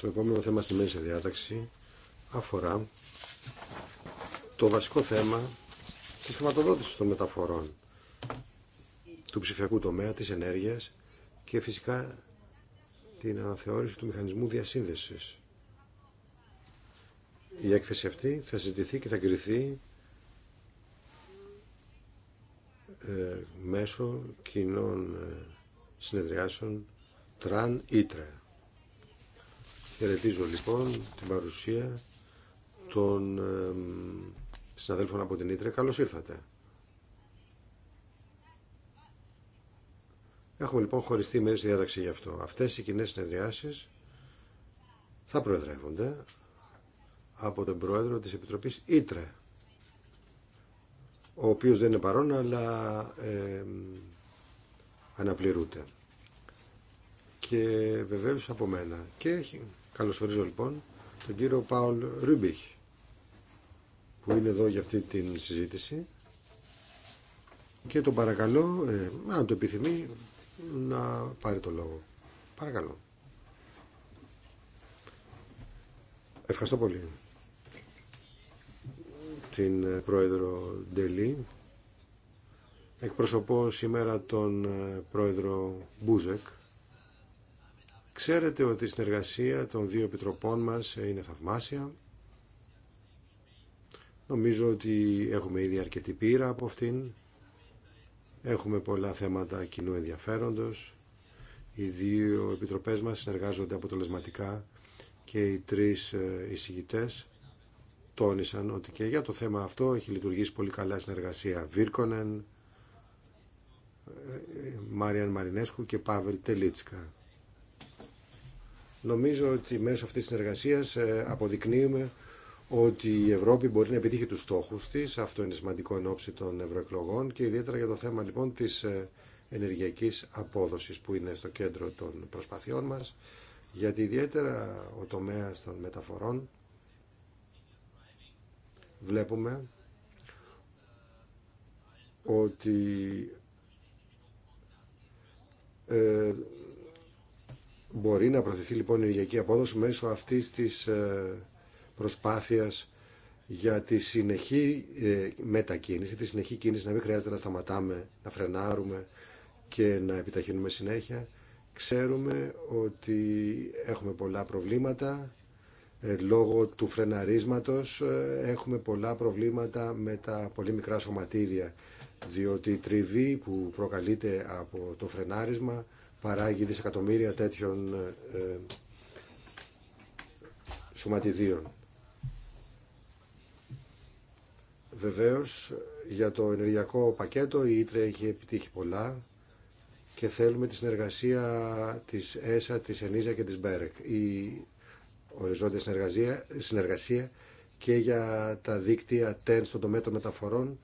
Το επόμενο θέμα στη μέση διάταξη αφορά το βασικό θέμα της χρηματοδότησης των μεταφορών του ψηφιακού τομέα, της ενέργειας και φυσικά την αναθεώρηση του μηχανισμού διασύνδεσης. Η έκθεση αυτή θα συζητηθεί και θα κριθεί ε, μέσω κοινών ε, συνεδριάσεων τραν ήτρε. Χαιρετίζω λοιπόν την παρουσία των συναδέλφων από την Ήτρε. Καλώς ήρθατε. Έχουμε λοιπόν χωριστεί μέρες διάταξη γι' αυτό. Αυτές οι κοινέ συνεδριάσεις θα προεδρεύονται από τον πρόεδρο της Επιτροπής Ήτρε, ο οποίος δεν είναι παρόν αλλά ε, αναπληρούται. Και βεβαίως από μένα. Και Καλωσορίζω λοιπόν τον κύριο Παουλ Ρούμπιχ που είναι εδώ για αυτή την συζήτηση και τον παρακαλώ, ε, αν το επιθυμεί, να πάρει το λόγο. Παρακαλώ. Ευχαριστώ πολύ την ε, πρόεδρο Ντελή. Εκπροσωπώ σήμερα τον ε, πρόεδρο Μπούζεκ Ξέρετε ότι η συνεργασία των δύο επιτροπών μας είναι θαυμάσια. Νομίζω ότι έχουμε ήδη αρκετή πείρα από αυτήν. Έχουμε πολλά θέματα κοινού ενδιαφέροντος. Οι δύο επιτροπές μας συνεργάζονται αποτελεσματικά και οι τρεις ε, εισηγητές τόνισαν ότι και για το θέμα αυτό έχει λειτουργήσει πολύ καλά συνεργασία Βίρκονεν, ε, ε, Μάριαν Μαρινέσκου και Πάβελ Τελίτσκα. Νομίζω ότι μέσω αυτής της συνεργασίας ε, αποδεικνύουμε ότι η Ευρώπη μπορεί να επιτύχει τους στόχους της. Αυτό είναι σημαντικό εν ώψη των ευρωεκλογών και ιδιαίτερα για το θέμα λοιπόν της ε, ενεργειακής απόδοσης που είναι στο κέντρο των προσπαθειών μας γιατί ιδιαίτερα ο τομέας των μεταφορών βλέπουμε ότι ε, Μπορεί να προωθηθεί λοιπόν η ενεργειακή απόδοση μέσω αυτής της ε, προσπάθειας για τη συνεχή ε, μετακίνηση, τη συνεχή κίνηση, να μην χρειάζεται να σταματάμε, να φρενάρουμε και να επιταχύνουμε συνέχεια. Ξέρουμε ότι έχουμε πολλά προβλήματα ε, λόγω του φρεναρίσματος έχουμε πολλά προβλήματα με τα πολύ μικρά σωματίδια διότι η τριβή που προκαλείται από το φρενάρισμα παράγει δισεκατομμύρια τέτοιων ε, ε, σωματιδίων. Βεβαίως για το ενεργειακό πακέτο η Ήτρε έχει επιτύχει πολλά και θέλουμε τη συνεργασία της ΕΣΑ, της ΕΝΙΖΑ και της ΜΠΕΡΕΚ. Η οριζόντια συνεργασία, συνεργασία και για τα δίκτυα TEN στον τομέα των μεταφορών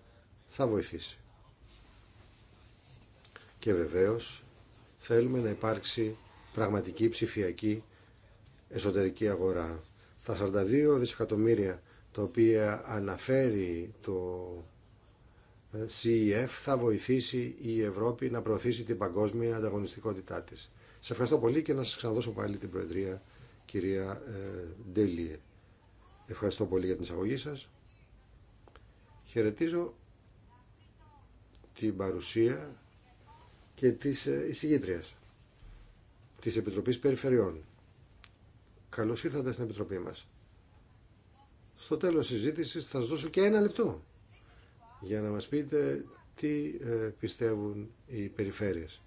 θα βοηθήσει. Και βεβαίως Θέλουμε να υπάρξει πραγματική ψηφιακή εσωτερική αγορά. Τα 42 δισεκατομμύρια τα οποία αναφέρει το ε, CEF θα βοηθήσει η Ευρώπη να προωθήσει την παγκόσμια ανταγωνιστικότητά της. Σε ευχαριστώ πολύ και να σας ξαναδώσω πάλι την Προεδρία, κυρία ε, Ντέλιε. Ευχαριστώ πολύ για την εισαγωγή σας. Χαιρετίζω την παρουσία και της ε, εισηγήτριας της Επιτροπής Περιφερειών. Καλώς ήρθατε στην Επιτροπή μας. Στο τέλος συζήτησης θα σας δώσω και ένα λεπτό για να μας πείτε τι ε, πιστεύουν οι περιφέρειες.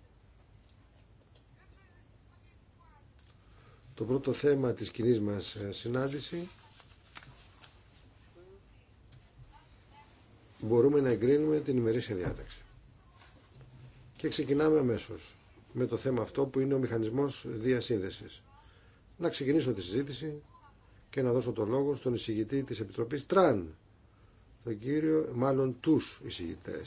Το πρώτο θέμα της κοινή μας ε, συνάντηση μπορούμε να εγκρίνουμε την ημερήσια διάταξη. Και ξεκινάμε αμέσω με το θέμα αυτό που είναι ο μηχανισμός διασύνδεσης. Να ξεκινήσω τη συζήτηση και να δώσω το λόγο στον εισηγητή της Επιτροπής Τραν, τον κύριο, μάλλον του εισηγητέ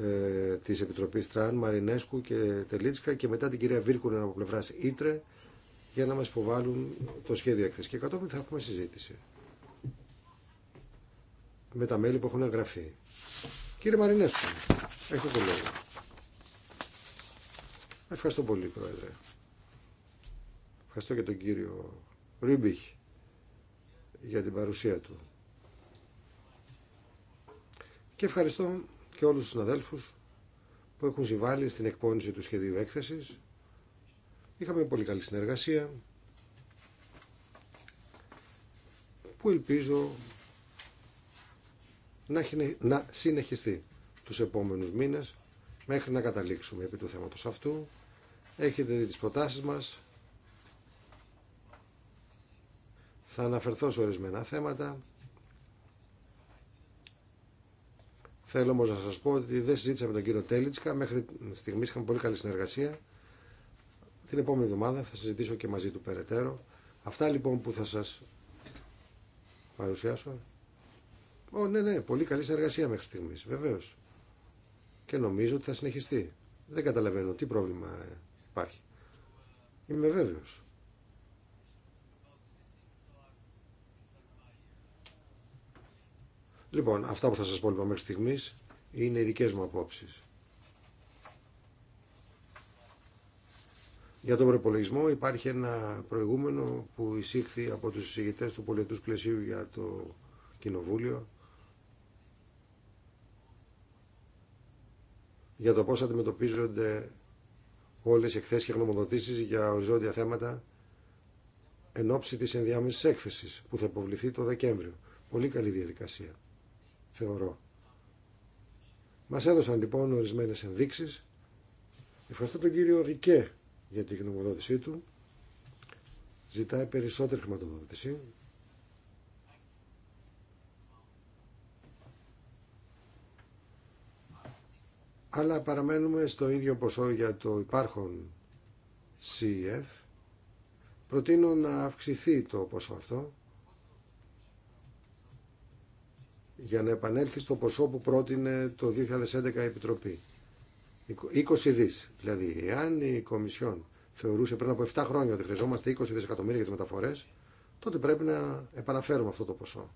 ε, της Επιτροπής Τραν, Μαρινέσκου και Τελίτσκα και μετά την κυρία Βίρκουνεν από πλευρά Ήτρε για να μας υποβάλουν το σχέδιο έκθεση. Και κατόπιν θα έχουμε συζήτηση με τα μέλη που έχουν εγγραφεί. Κύριε Μαρινέσκο, έχετε το λόγο. Ευχαριστώ πολύ, Πρόεδρε. Ευχαριστώ και τον κύριο Ρίμπιχ για την παρουσία του. Και ευχαριστώ και όλους τους συναδέλφους που έχουν συμβάλει στην εκπόνηση του σχεδίου έκθεσης. Είχαμε πολύ καλή συνεργασία που ελπίζω να συνεχιστεί τους επόμενους μήνες μέχρι να καταλήξουμε επί του θέματος αυτού. Έχετε δει τις προτάσεις μας. Θα αναφερθώ σε ορισμένα θέματα. Θέλω όμως να σας πω ότι δεν συζήτησα με τον κύριο Τέλιτσκα. Μέχρι στιγμή είχαμε πολύ καλή συνεργασία. Την επόμενη εβδομάδα θα συζητήσω και μαζί του περαιτέρω. Αυτά λοιπόν που θα σας παρουσιάσω Ω, ναι, ναι, πολύ καλή συνεργασία μέχρι στιγμή, βεβαίω. Και νομίζω ότι θα συνεχιστεί. Δεν καταλαβαίνω τι πρόβλημα υπάρχει. Είμαι βέβαιο. Λοιπόν, αυτά που θα σας πω λοιπόν μέχρι στιγμής είναι οι δικές μου απόψεις. Για τον προπολογισμό υπάρχει ένα προηγούμενο που εισήχθη από τους εισηγητές του πολιτούς πλαισίου για το Κοινοβούλιο για το πώς αντιμετωπίζονται όλες οι εκθέσεις και γνωμοδοτήσεις για οριζόντια θέματα εν ώψη της ενδιάμεσης έκθεσης που θα υποβληθεί το Δεκέμβριο. Πολύ καλή διαδικασία, θεωρώ. Μας έδωσαν λοιπόν ορισμένες ενδείξεις. Ευχαριστώ τον κύριο Ρικέ για την γνωμοδότησή του. Ζητάει περισσότερη χρηματοδότηση αλλά παραμένουμε στο ίδιο ποσό για το υπάρχον CEF. Προτείνω να αυξηθεί το ποσό αυτό για να επανέλθει στο ποσό που πρότεινε το 2011 η Επιτροπή. 20 δις. Δηλαδή, εάν η Κομισιόν θεωρούσε πριν από 7 χρόνια ότι χρειαζόμαστε 20 δισεκατομμύρια για τις μεταφορές, τότε πρέπει να επαναφέρουμε αυτό το ποσό.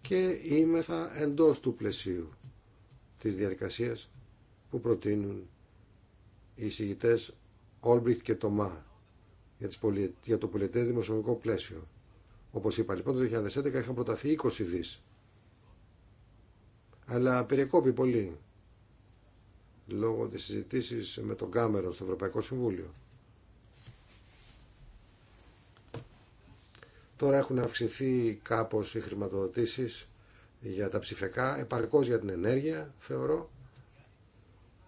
Και είμεθα εντός του πλαισίου της διαδικασίας που προτείνουν οι εισηγητές Όλμπριχτ και Τομά για το πολιτές δημοσιονομικό πλαίσιο. Όπως είπα λοιπόν το 2011 είχαν προταθεί 20 δις. Αλλά περιεκόπη πολύ λόγω της συζητήσεις με τον Κάμερο στο Ευρωπαϊκό Συμβούλιο. Τώρα έχουν αυξηθεί κάπως οι χρηματοδοτήσεις για τα ψηφιακά, επαρκώς για την ενέργεια, θεωρώ,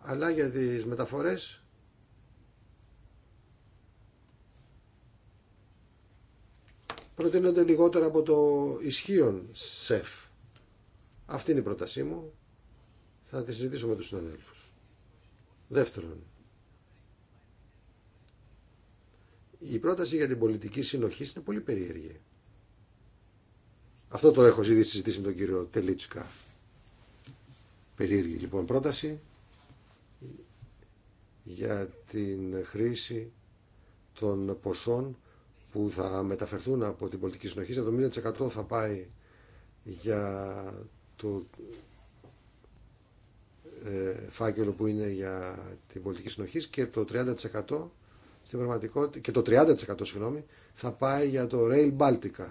αλλά για τις μεταφορές προτείνονται λιγότερα από το ισχύον ΣΕΦ. Αυτή είναι η πρότασή μου. Θα τη συζητήσω με τους συναδέλφους. Δεύτερον, η πρόταση για την πολιτική συνοχή είναι πολύ περίεργη. Αυτό το έχω ήδη συζητήσει με τον κύριο Τελίτσκα. Περίεργη λοιπόν πρόταση για την χρήση των ποσών που θα μεταφερθούν από την πολιτική συνοχή. 70% θα πάει για το ε, φάκελο που είναι για την πολιτική συνοχή και το 30% και το 30% συγγνώμη, θα πάει για το Rail Baltica.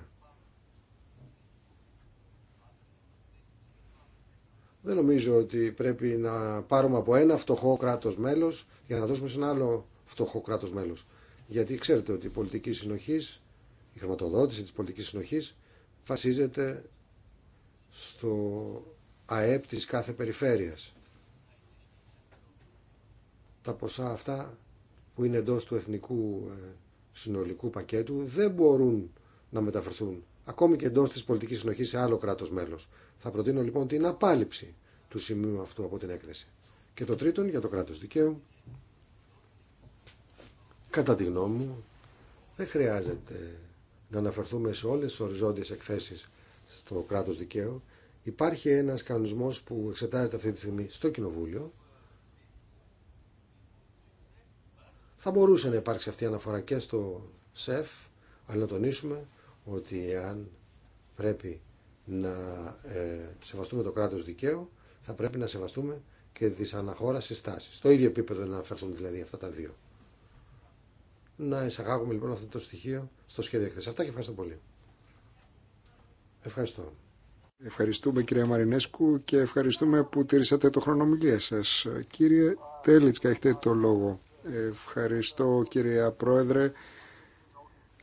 Δεν νομίζω ότι πρέπει να πάρουμε από ένα φτωχό κράτο μέλος για να δώσουμε σε ένα άλλο φτωχό κράτο μέλος. Γιατί ξέρετε ότι η πολιτική συνοχή, η χρηματοδότηση της πολιτικής συνοχή βασίζεται στο ΑΕΠ της κάθε περιφέρειας. Τα ποσά αυτά που είναι εντό του εθνικού ε, συνολικού πακέτου δεν μπορούν να μεταφερθούν ακόμη και εντό τη πολιτική συνοχή σε άλλο κράτο μέλο. Θα προτείνω λοιπόν την απάλληψη του σημείου αυτού από την έκθεση. Και το τρίτον, για το κράτο δικαίου. Κατά τη γνώμη μου, δεν χρειάζεται να αναφερθούμε σε όλες τι οριζόντιες εκθέσεις στο κράτος δικαίου. Υπάρχει ένας κανονισμό που εξετάζεται αυτή τη στιγμή στο Κοινοβούλιο. Θα μπορούσε να υπάρξει αυτή η αναφορά και στο ΣΕΦ, αλλά να τονίσουμε ότι αν πρέπει να ε, σεβαστούμε το κράτος δικαίου, θα πρέπει να σεβαστούμε και τις αναχώρα συστάσεις. Στο ίδιο επίπεδο να αναφερθούν δηλαδή αυτά τα δύο. Να εισαγάγουμε λοιπόν αυτό το στοιχείο στο σχέδιο εκθέσεις. Αυτά και ευχαριστώ πολύ. Ευχαριστώ. Ευχαριστούμε κυρία Μαρινέσκου και ευχαριστούμε που τηρήσατε το χρονομιλία σας. Κύριε Τέλιτσκα, έχετε το λόγο. Ευχαριστώ κυρία Πρόεδρε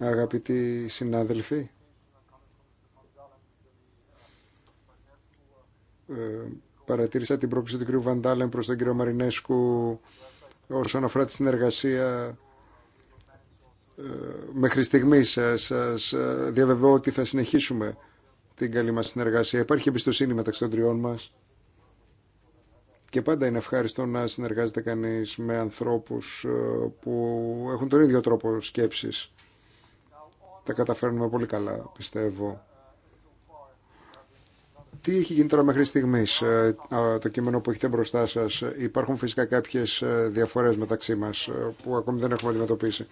αγαπητοί συνάδελφοι. Ε, παρατήρησα την πρόκληση του κ. Βαντάλεν προς τον κ. Μαρινέσκου όσον αφορά τη συνεργασία ε, μέχρι στιγμή σας, σας ε, διαβεβαιώ ότι θα συνεχίσουμε την καλή μας συνεργασία. Υπάρχει εμπιστοσύνη μεταξύ των τριών μας και πάντα είναι ευχάριστο να συνεργάζεται κανείς με ανθρώπους που έχουν τον ίδιο τρόπο σκέψης. Τα καταφέρνουμε πολύ καλά, πιστεύω. Τι έχει γίνει τώρα μέχρι στιγμή, ε, το κείμενο που έχετε μπροστά σα, Υπάρχουν φυσικά κάποιε διαφορέ μεταξύ μα ε, που ακόμη δεν έχουμε αντιμετωπίσει.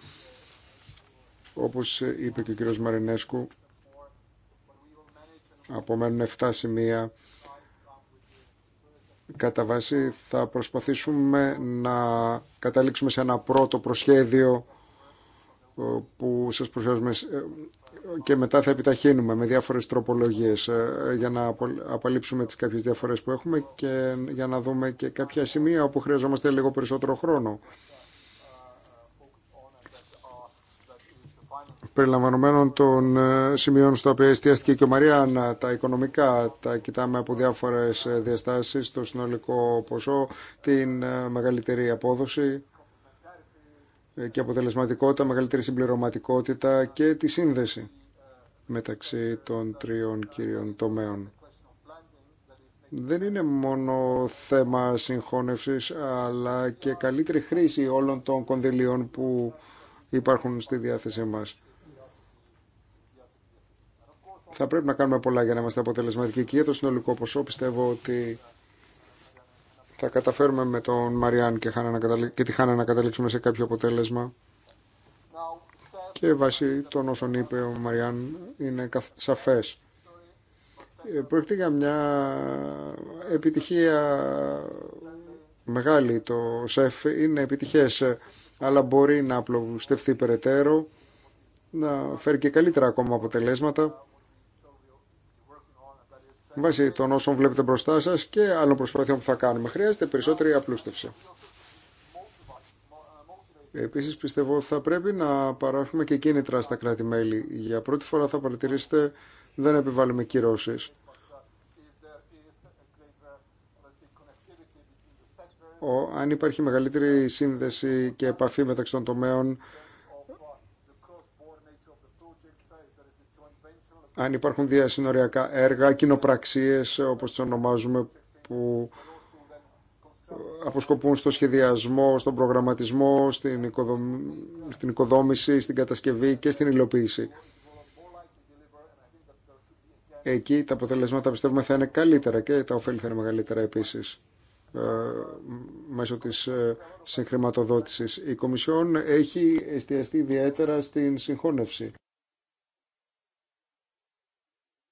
Όπω ε, είπε και ο κύριο Μαρινέσκου, απομένουν 7 σημεία. Κατά βάση θα προσπαθήσουμε να καταλήξουμε σε ένα πρώτο προσχέδιο ε, που σας προσφέρουμε ε, και μετά θα επιταχύνουμε με διάφορες τροπολογίες ε, για να απαλείψουμε τις κάποιες διαφορές που έχουμε και για να δούμε και κάποια σημεία όπου χρειαζόμαστε λίγο περισσότερο χρόνο. Περιλαμβανομένων των σημείων στο οποίο εστιάστηκε και ο Μαριάννα, τα οικονομικά τα κοιτάμε από διάφορες διαστάσεις, το συνολικό ποσό, την μεγαλύτερη απόδοση ε, και αποτελεσματικότητα, μεγαλύτερη συμπληρωματικότητα και τη σύνδεση μεταξύ των τριών κυρίων τομέων. Δεν είναι μόνο θέμα συγχώνευσης, αλλά και καλύτερη χρήση όλων των κονδυλίων που υπάρχουν στη διάθεσή μας. Θα πρέπει να κάνουμε πολλά για να είμαστε αποτελεσματικοί και για το συνολικό ποσό πιστεύω ότι θα καταφέρουμε με τον Μαριάν και, και τη Χάνα να καταλήξουμε σε κάποιο αποτέλεσμα. Και βάσει των όσων είπε ο Μαριάν είναι σαφές. Ε, πρόκειται για μια επιτυχία μεγάλη. Το ΣΕΦ είναι επιτυχές, αλλά μπορεί να απλοστευτεί περαιτέρω, να φέρει και καλύτερα ακόμα αποτελέσματα βάσει των όσων βλέπετε μπροστά σα και άλλων προσπάθειων που θα κάνουμε. Χρειάζεται περισσότερη απλούστευση. Επίσης πιστεύω ότι θα πρέπει να παράσχουμε και κίνητρα στα κράτη-μέλη. Για πρώτη φορά θα παρατηρήσετε δεν επιβάλλουμε κυρώσει. αν υπάρχει μεγαλύτερη σύνδεση και επαφή μεταξύ των τομέων αν υπάρχουν διασυνοριακά έργα, κοινοπραξίες όπως τις ονομάζουμε που αποσκοπούν στο σχεδιασμό, στον προγραμματισμό, στην, οικοδόμηση, στην κατασκευή και στην υλοποίηση. Εκεί τα αποτελέσματα πιστεύουμε θα είναι καλύτερα και τα ωφέλη θα είναι μεγαλύτερα επίσης ε, μέσω της ε, συγχρηματοδότησης. Η Κομισιόν έχει εστιαστεί ιδιαίτερα στην συγχώνευση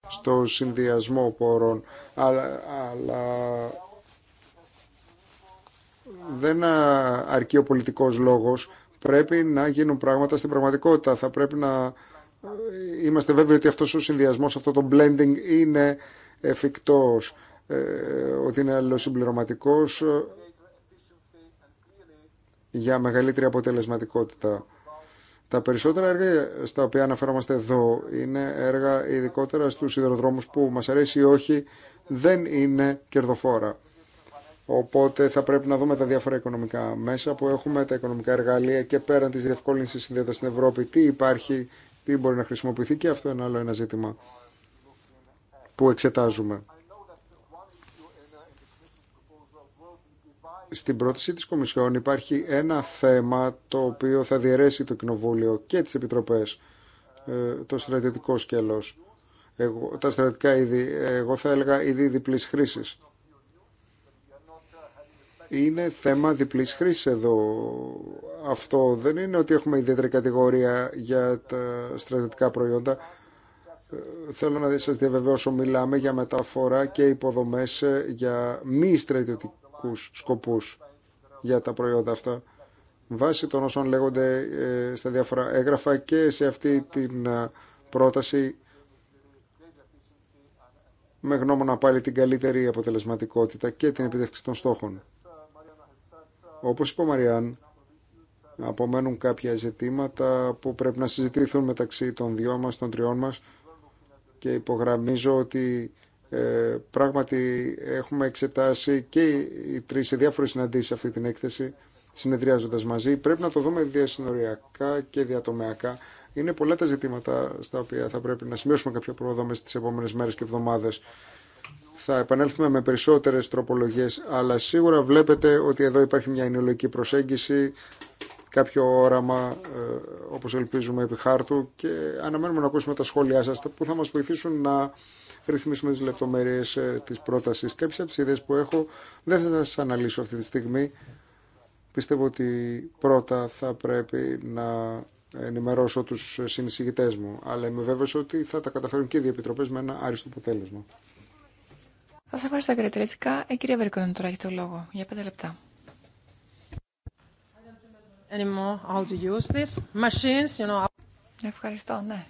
στο συνδυασμό πόρων, αλλά, αλλά δεν αρκεί ο πολιτικός λόγος. Πρέπει να γίνουν πράγματα στην πραγματικότητα. Θα πρέπει να ε, είμαστε βέβαιοι ότι αυτός ο συνδυασμός, αυτό το blending είναι εφικτός, ε, ότι είναι αλληλοσυμπληρωματικός ε, για μεγαλύτερη αποτελεσματικότητα. Τα περισσότερα έργα στα οποία αναφερόμαστε εδώ είναι έργα ειδικότερα στους σιδηροδρόμους που μας αρέσει ή όχι δεν είναι κερδοφόρα. Οπότε θα πρέπει να δούμε τα διάφορα οικονομικά μέσα που έχουμε, τα οικονομικά εργαλεία και πέραν της διευκόλυνσης συνδέοντας στην Ευρώπη, τι υπάρχει, τι μπορεί να χρησιμοποιηθεί και αυτό είναι άλλο ένα ζήτημα που εξετάζουμε. Στην πρόταση της Κομισιόν υπάρχει ένα θέμα το οποίο θα διαιρέσει το Κοινοβούλιο και τις Επιτροπές, ε, το στρατιωτικό σκέλος, τα στρατιωτικά είδη, εγώ θα έλεγα είδη διπλής χρήσης. Είναι θέμα διπλής χρήσης εδώ. Αυτό δεν είναι ότι έχουμε ιδιαίτερη κατηγορία για τα στρατιωτικά προϊόντα. Ε, θέλω να σας διαβεβαιώσω, μιλάμε για μεταφορά και υποδομές ε, για μη στρατιωτικά Σκοπού σκοπούς για τα προϊόντα αυτά. Βάσει των όσων λέγονται ε, στα διάφορα έγγραφα και σε αυτή την ε, πρόταση με γνώμονα πάλι την καλύτερη αποτελεσματικότητα και την επιδεύξη των στόχων. Όπως είπε ο Μαριάν, απομένουν κάποια ζητήματα που πρέπει να συζητηθούν μεταξύ των δυο μας, των τριών μας και υπογραμμίζω ότι ε, πράγματι έχουμε εξετάσει και οι τρεις σε διάφορες συναντήσεις αυτή την έκθεση συνεδριάζοντας μαζί. Πρέπει να το δούμε διασυνοριακά και διατομεακά. Είναι πολλά τα ζητήματα στα οποία θα πρέπει να σημειώσουμε κάποια πρόοδο μέσα στις επόμενες μέρες και εβδομάδες. Θα επανέλθουμε με περισσότερες τροπολογίες, αλλά σίγουρα βλέπετε ότι εδώ υπάρχει μια ενοιολογική προσέγγιση, κάποιο όραμα, ε, όπως ελπίζουμε, επί χάρτου και αναμένουμε να ακούσουμε τα σχόλιά σας που θα μας βοηθήσουν να ρυθμίσουμε τις λεπτομέρειες ε, της πρότασης. Κάποιες από τις ιδέες που έχω δεν θα σας αναλύσω αυτή τη στιγμή. Πιστεύω ότι πρώτα θα πρέπει να ενημερώσω τους συνεισηγητές μου, αλλά είμαι βέβαιος ότι θα τα καταφέρουν και οι Διεπιτροπές με ένα άριστο αποτέλεσμα. Θα σας ευχαριστώ κύριε Τελετσικά. Ε, κυρία Βερικόνη τώρα έχετε το λόγο για πέντε λεπτά. Anymore how to use machines, you know. Ευχαριστώ, ναι.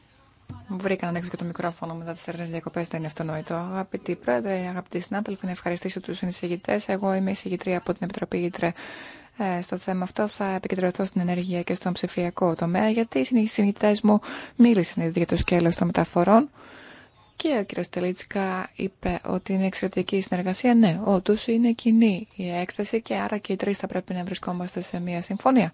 Βρήκα να ανοίξω και το μικρόφωνο μετά τι τελευταίε διακοπέ, δεν είναι αυτονόητο. Αγαπητοί πρόεδρε, αγαπητοί συνάδελφοι, να ευχαριστήσω του συνεισηγητέ. Εγώ είμαι εισηγητρία από την Επιτροπή Γητρε. Ε, στο θέμα αυτό θα επικεντρωθώ στην ενέργεια και στον ψηφιακό τομέα, γιατί οι συνεισηγητέ μου μίλησαν ήδη για το σκέλο των μεταφορών. Και ο κύριος Τελίτσικα είπε ότι είναι εξαιρετική η συνεργασία. Ναι, όντω είναι κοινή η έκθεση και άρα και οι τρει θα πρέπει να βρισκόμαστε σε μια συμφωνία.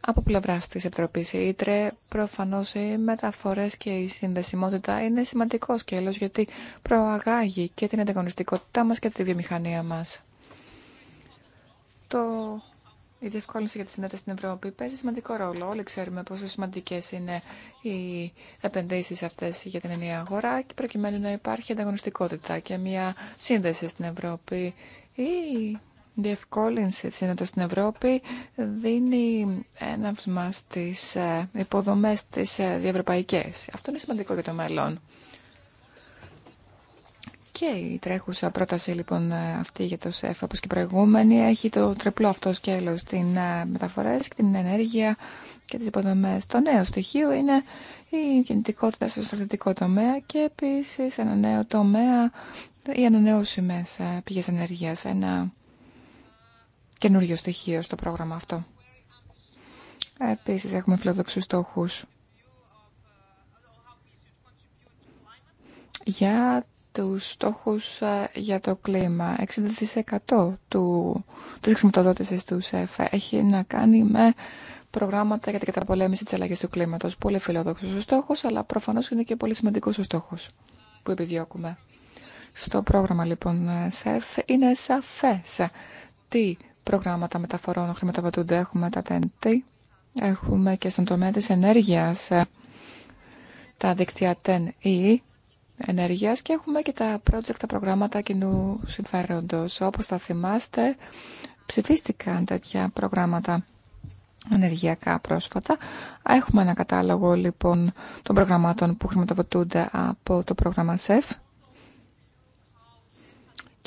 Από πλευρά τη Επιτροπή ΙΤΡΕ, προφανώ οι μεταφορέ και η συνδεσιμότητα είναι σημαντικό σκέλο γιατί προαγάγει και την ανταγωνιστικότητά μα και τη βιομηχανία μα. Το... Η διευκόλυνση για τη συνέντευξη στην Ευρώπη παίζει σημαντικό ρόλο. Όλοι ξέρουμε πόσο σημαντικέ είναι οι επενδύσει αυτέ για την ενιαία αγορά και προκειμένου να υπάρχει ανταγωνιστικότητα και μια σύνδεση στην Ευρώπη. Η διευκόλυνση της Ένωτας στην Ευρώπη δίνει έναυσμα στις ε, υποδομές της ε, διευρωπαϊκές. Αυτό είναι σημαντικό για το μέλλον. Και η τρέχουσα πρόταση λοιπόν ε, αυτή για το ΣΕΦ, όπως και προηγούμενη, έχει το τρεπλό αυτό σκέλος, Στην μεταφορές και την ενέργεια και τις υποδομές. Το νέο στοιχείο είναι η κινητικότητα στο στρατιωτικό τομέα και επίσης ένα νέο τομέα, οι ανανεώσιμες πηγές ενέργειας, ένα καινούριο στοιχείο στο πρόγραμμα αυτό. Επίσης έχουμε φιλοδοξούς στόχους για τους στόχους ε, για το κλίμα. 60% του, της χρηματοδότησης του ΣΕΦ έχει να κάνει με προγράμματα για την καταπολέμηση της αλλαγής του κλίματος. Πολύ φιλοδόξος ο στόχος, αλλά προφανώς είναι και πολύ σημαντικός ο στόχος που επιδιώκουμε. Στο πρόγραμμα λοιπόν ε, ΣΕΦ είναι σαφές τι προγράμματα μεταφορών χρηματοδοτούνται. Έχουμε τα TNT, έχουμε και στον τομέα της ενέργειας ε, τα δίκτυα TEN-E ενέργειας και έχουμε και τα project, τα προγράμματα κοινού συμφέροντος. Όπως θα θυμάστε, ψηφίστηκαν τέτοια προγράμματα ενεργειακά πρόσφατα. Έχουμε ένα κατάλογο λοιπόν των προγραμμάτων που χρηματοδοτούνται από το πρόγραμμα SEF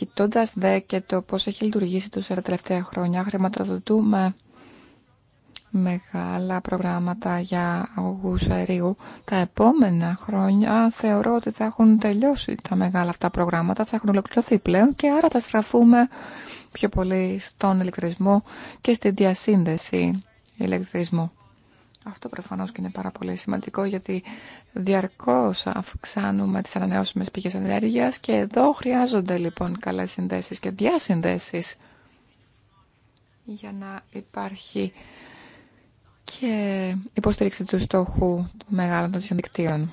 Κοιτώντα δε και το πώ έχει λειτουργήσει τους τα τελευταία χρόνια, χρηματοδοτούμε μεγάλα προγράμματα για αγωγούς αερίου. Τα επόμενα χρόνια θεωρώ ότι θα έχουν τελειώσει τα μεγάλα αυτά προγράμματα, θα έχουν ολοκληρωθεί πλέον και άρα θα στραφούμε πιο πολύ στον ηλεκτρισμό και στη διασύνδεση ηλεκτρισμού. Αυτό προφανώ και είναι πάρα πολύ σημαντικό γιατί διαρκώς αυξάνουμε τι ανανεώσιμε πηγές ενέργεια και εδώ χρειάζονται λοιπόν καλέ συνδέσει και διασυνδεσει για να υπάρχει και υποστήριξη του στόχου μεγάλων των διαδικτύων.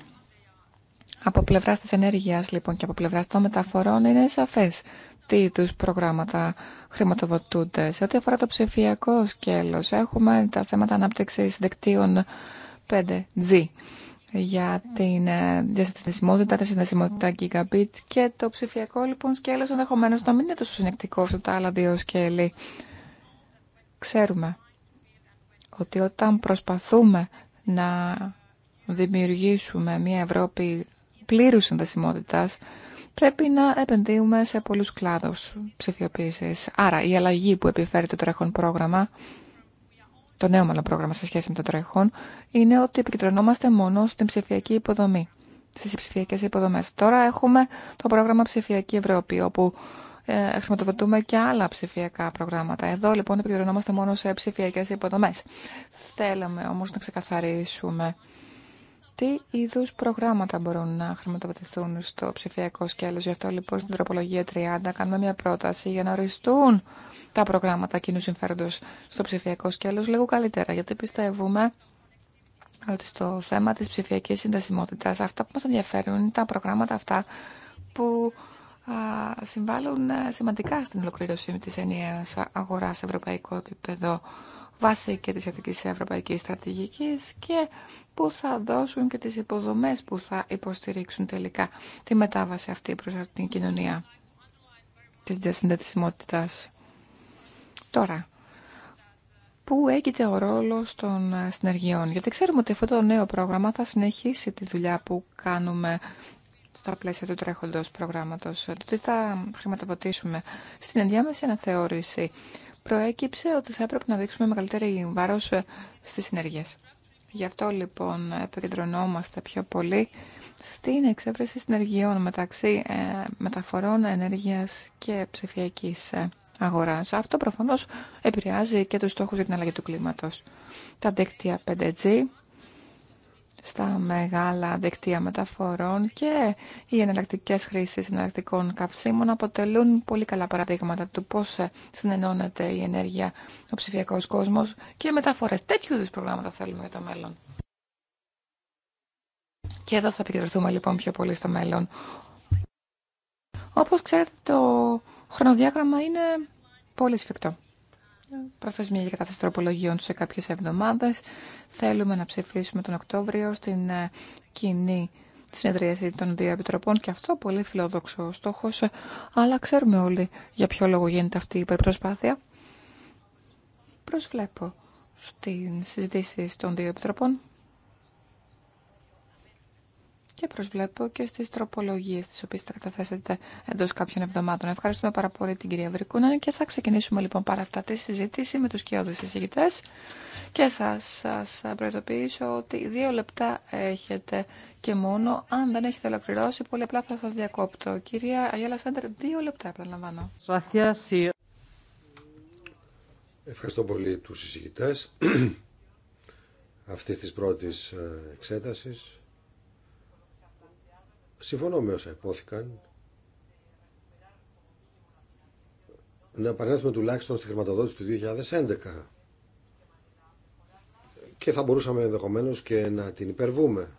Από πλευρά τη ενέργεια λοιπόν και από πλευρά των μεταφορών είναι σαφέ τι είδου προγράμματα χρηματοδοτούνται. Σε ό,τι αφορά το ψηφιακό σκέλος, έχουμε τα θέματα ανάπτυξης δικτύων 5G για την διασυνδεσιμότητα, ε, τη συνδεσιμότητα Gigabit και το ψηφιακό λοιπόν σκέλος ενδεχομένω να μην είναι τόσο συνεκτικό όσο τα άλλα δύο σκέλη. Ξέρουμε ότι όταν προσπαθούμε να δημιουργήσουμε μια Ευρώπη πλήρους συνδεσιμότητας, πρέπει να επενδύουμε σε πολλούς κλάδους ψηφιοποίησης. Άρα η αλλαγή που επιφέρει το τρέχον πρόγραμμα, το νέο μάλλον πρόγραμμα σε σχέση με το τρέχον, είναι ότι επικεντρωνόμαστε μόνο στην ψηφιακή υποδομή, στις ψηφιακές υποδομές. Τώρα έχουμε το πρόγραμμα Ψηφιακή Ευρώπη, όπου ε, χρηματοδοτούμε και άλλα ψηφιακά προγράμματα. Εδώ λοιπόν επικεντρωνόμαστε μόνο σε ψηφιακές υποδομές. Θέλαμε όμως να ξεκαθαρίσουμε τι είδου προγράμματα μπορούν να χρηματοδοτηθούν στο ψηφιακό σκέλος. Γι' αυτό λοιπόν στην τροπολογία 30 κάνουμε μια πρόταση για να οριστούν τα προγράμματα κοινού συμφέροντος στο ψηφιακό σκέλος λίγο καλύτερα, γιατί πιστεύουμε ότι στο θέμα της ψηφιακής συντασιμότητα, αυτά που μας ενδιαφέρουν είναι τα προγράμματα αυτά που συμβάλλουν ε, σημαντικά στην ολοκλήρωση της ενιαίας αγοράς σε ευρωπαϊκό επίπεδο βάσει και της Εθνικής Ευρωπαϊκής Στρατηγικής και που θα δώσουν και τις υποδομές που θα υποστηρίξουν τελικά τη μετάβαση αυτή προς την κοινωνία της διασυνδετισμότητας. ξέρουμε ότι αυτό το νέο πρόγραμμα θα συνεχίσει τη δουλειά που εγινε ο ρολος των συνεργειων γιατι ξερουμε οτι αυτο το νεο προγραμμα θα συνεχισει τη δουλεια που κανουμε στα πλαίσια του τρέχοντος προγράμματος, οτι θα χρηματοδοτήσουμε στην ενδιάμεση αναθεώρηση προέκυψε ότι θα έπρεπε να δείξουμε μεγαλύτερη βάρος ε, στις συνεργές. Γι' αυτό λοιπόν επικεντρωνόμαστε πιο πολύ στην εξέβρεση συνεργειών μεταξύ ε, μεταφορών ενέργειας και ψηφιακής ε, αγοράς. Αυτό προφανώς επηρεάζει και τους στόχους για την αλλαγή του κλίματος. Τα δίκτυα 5G στα μεγάλα δικτύα μεταφορών και οι εναλλακτικέ χρήσει εναλλακτικών καυσίμων αποτελούν πολύ καλά παραδείγματα του πώ συνενώνεται η ενέργεια, ο ψηφιακό κόσμο και μεταφορέ. Τέτοιου είδου προγράμματα θέλουμε για το μέλλον. Και εδώ θα επικεντρωθούμε λοιπόν πιο πολύ στο μέλλον. Όπως ξέρετε το χρονοδιάγραμμα είναι πολύ σφιχτό προθεσμία για κατάσταση τροπολογιών σε κάποιες εβδομάδες. Θέλουμε να ψηφίσουμε τον Οκτώβριο στην ε, κοινή συνεδρίαση των δύο επιτροπών και αυτό πολύ φιλόδοξο στόχος, ε, αλλά ξέρουμε όλοι για ποιο λόγο γίνεται αυτή η υπερπροσπάθεια. Προσβλέπω στις συζητήσεις των δύο επιτροπών και προσβλέπω και στι τροπολογίε τι οποίε θα καταθέσετε εντό κάποιων εβδομάδων. Ευχαριστούμε πάρα πολύ την κυρία Βρικούνα και θα ξεκινήσουμε λοιπόν πάρα αυτά τη συζήτηση με τους κοιόδους συζητητέ. και θα σα προειδοποιήσω ότι δύο λεπτά έχετε και μόνο αν δεν έχετε ολοκληρώσει πολύ απλά θα σα διακόπτω. Κυρία Αγιάλα Σέντερ, δύο λεπτά επαναλαμβάνω. Ευχαριστώ πολύ τους συζητητές αυτή της πρώτης ε, εξέτασης Συμφωνώ με όσα υπόθηκαν. Να επανέλθουμε τουλάχιστον στη χρηματοδότηση του 2011 και θα μπορούσαμε ενδεχομένω και να την υπερβούμε,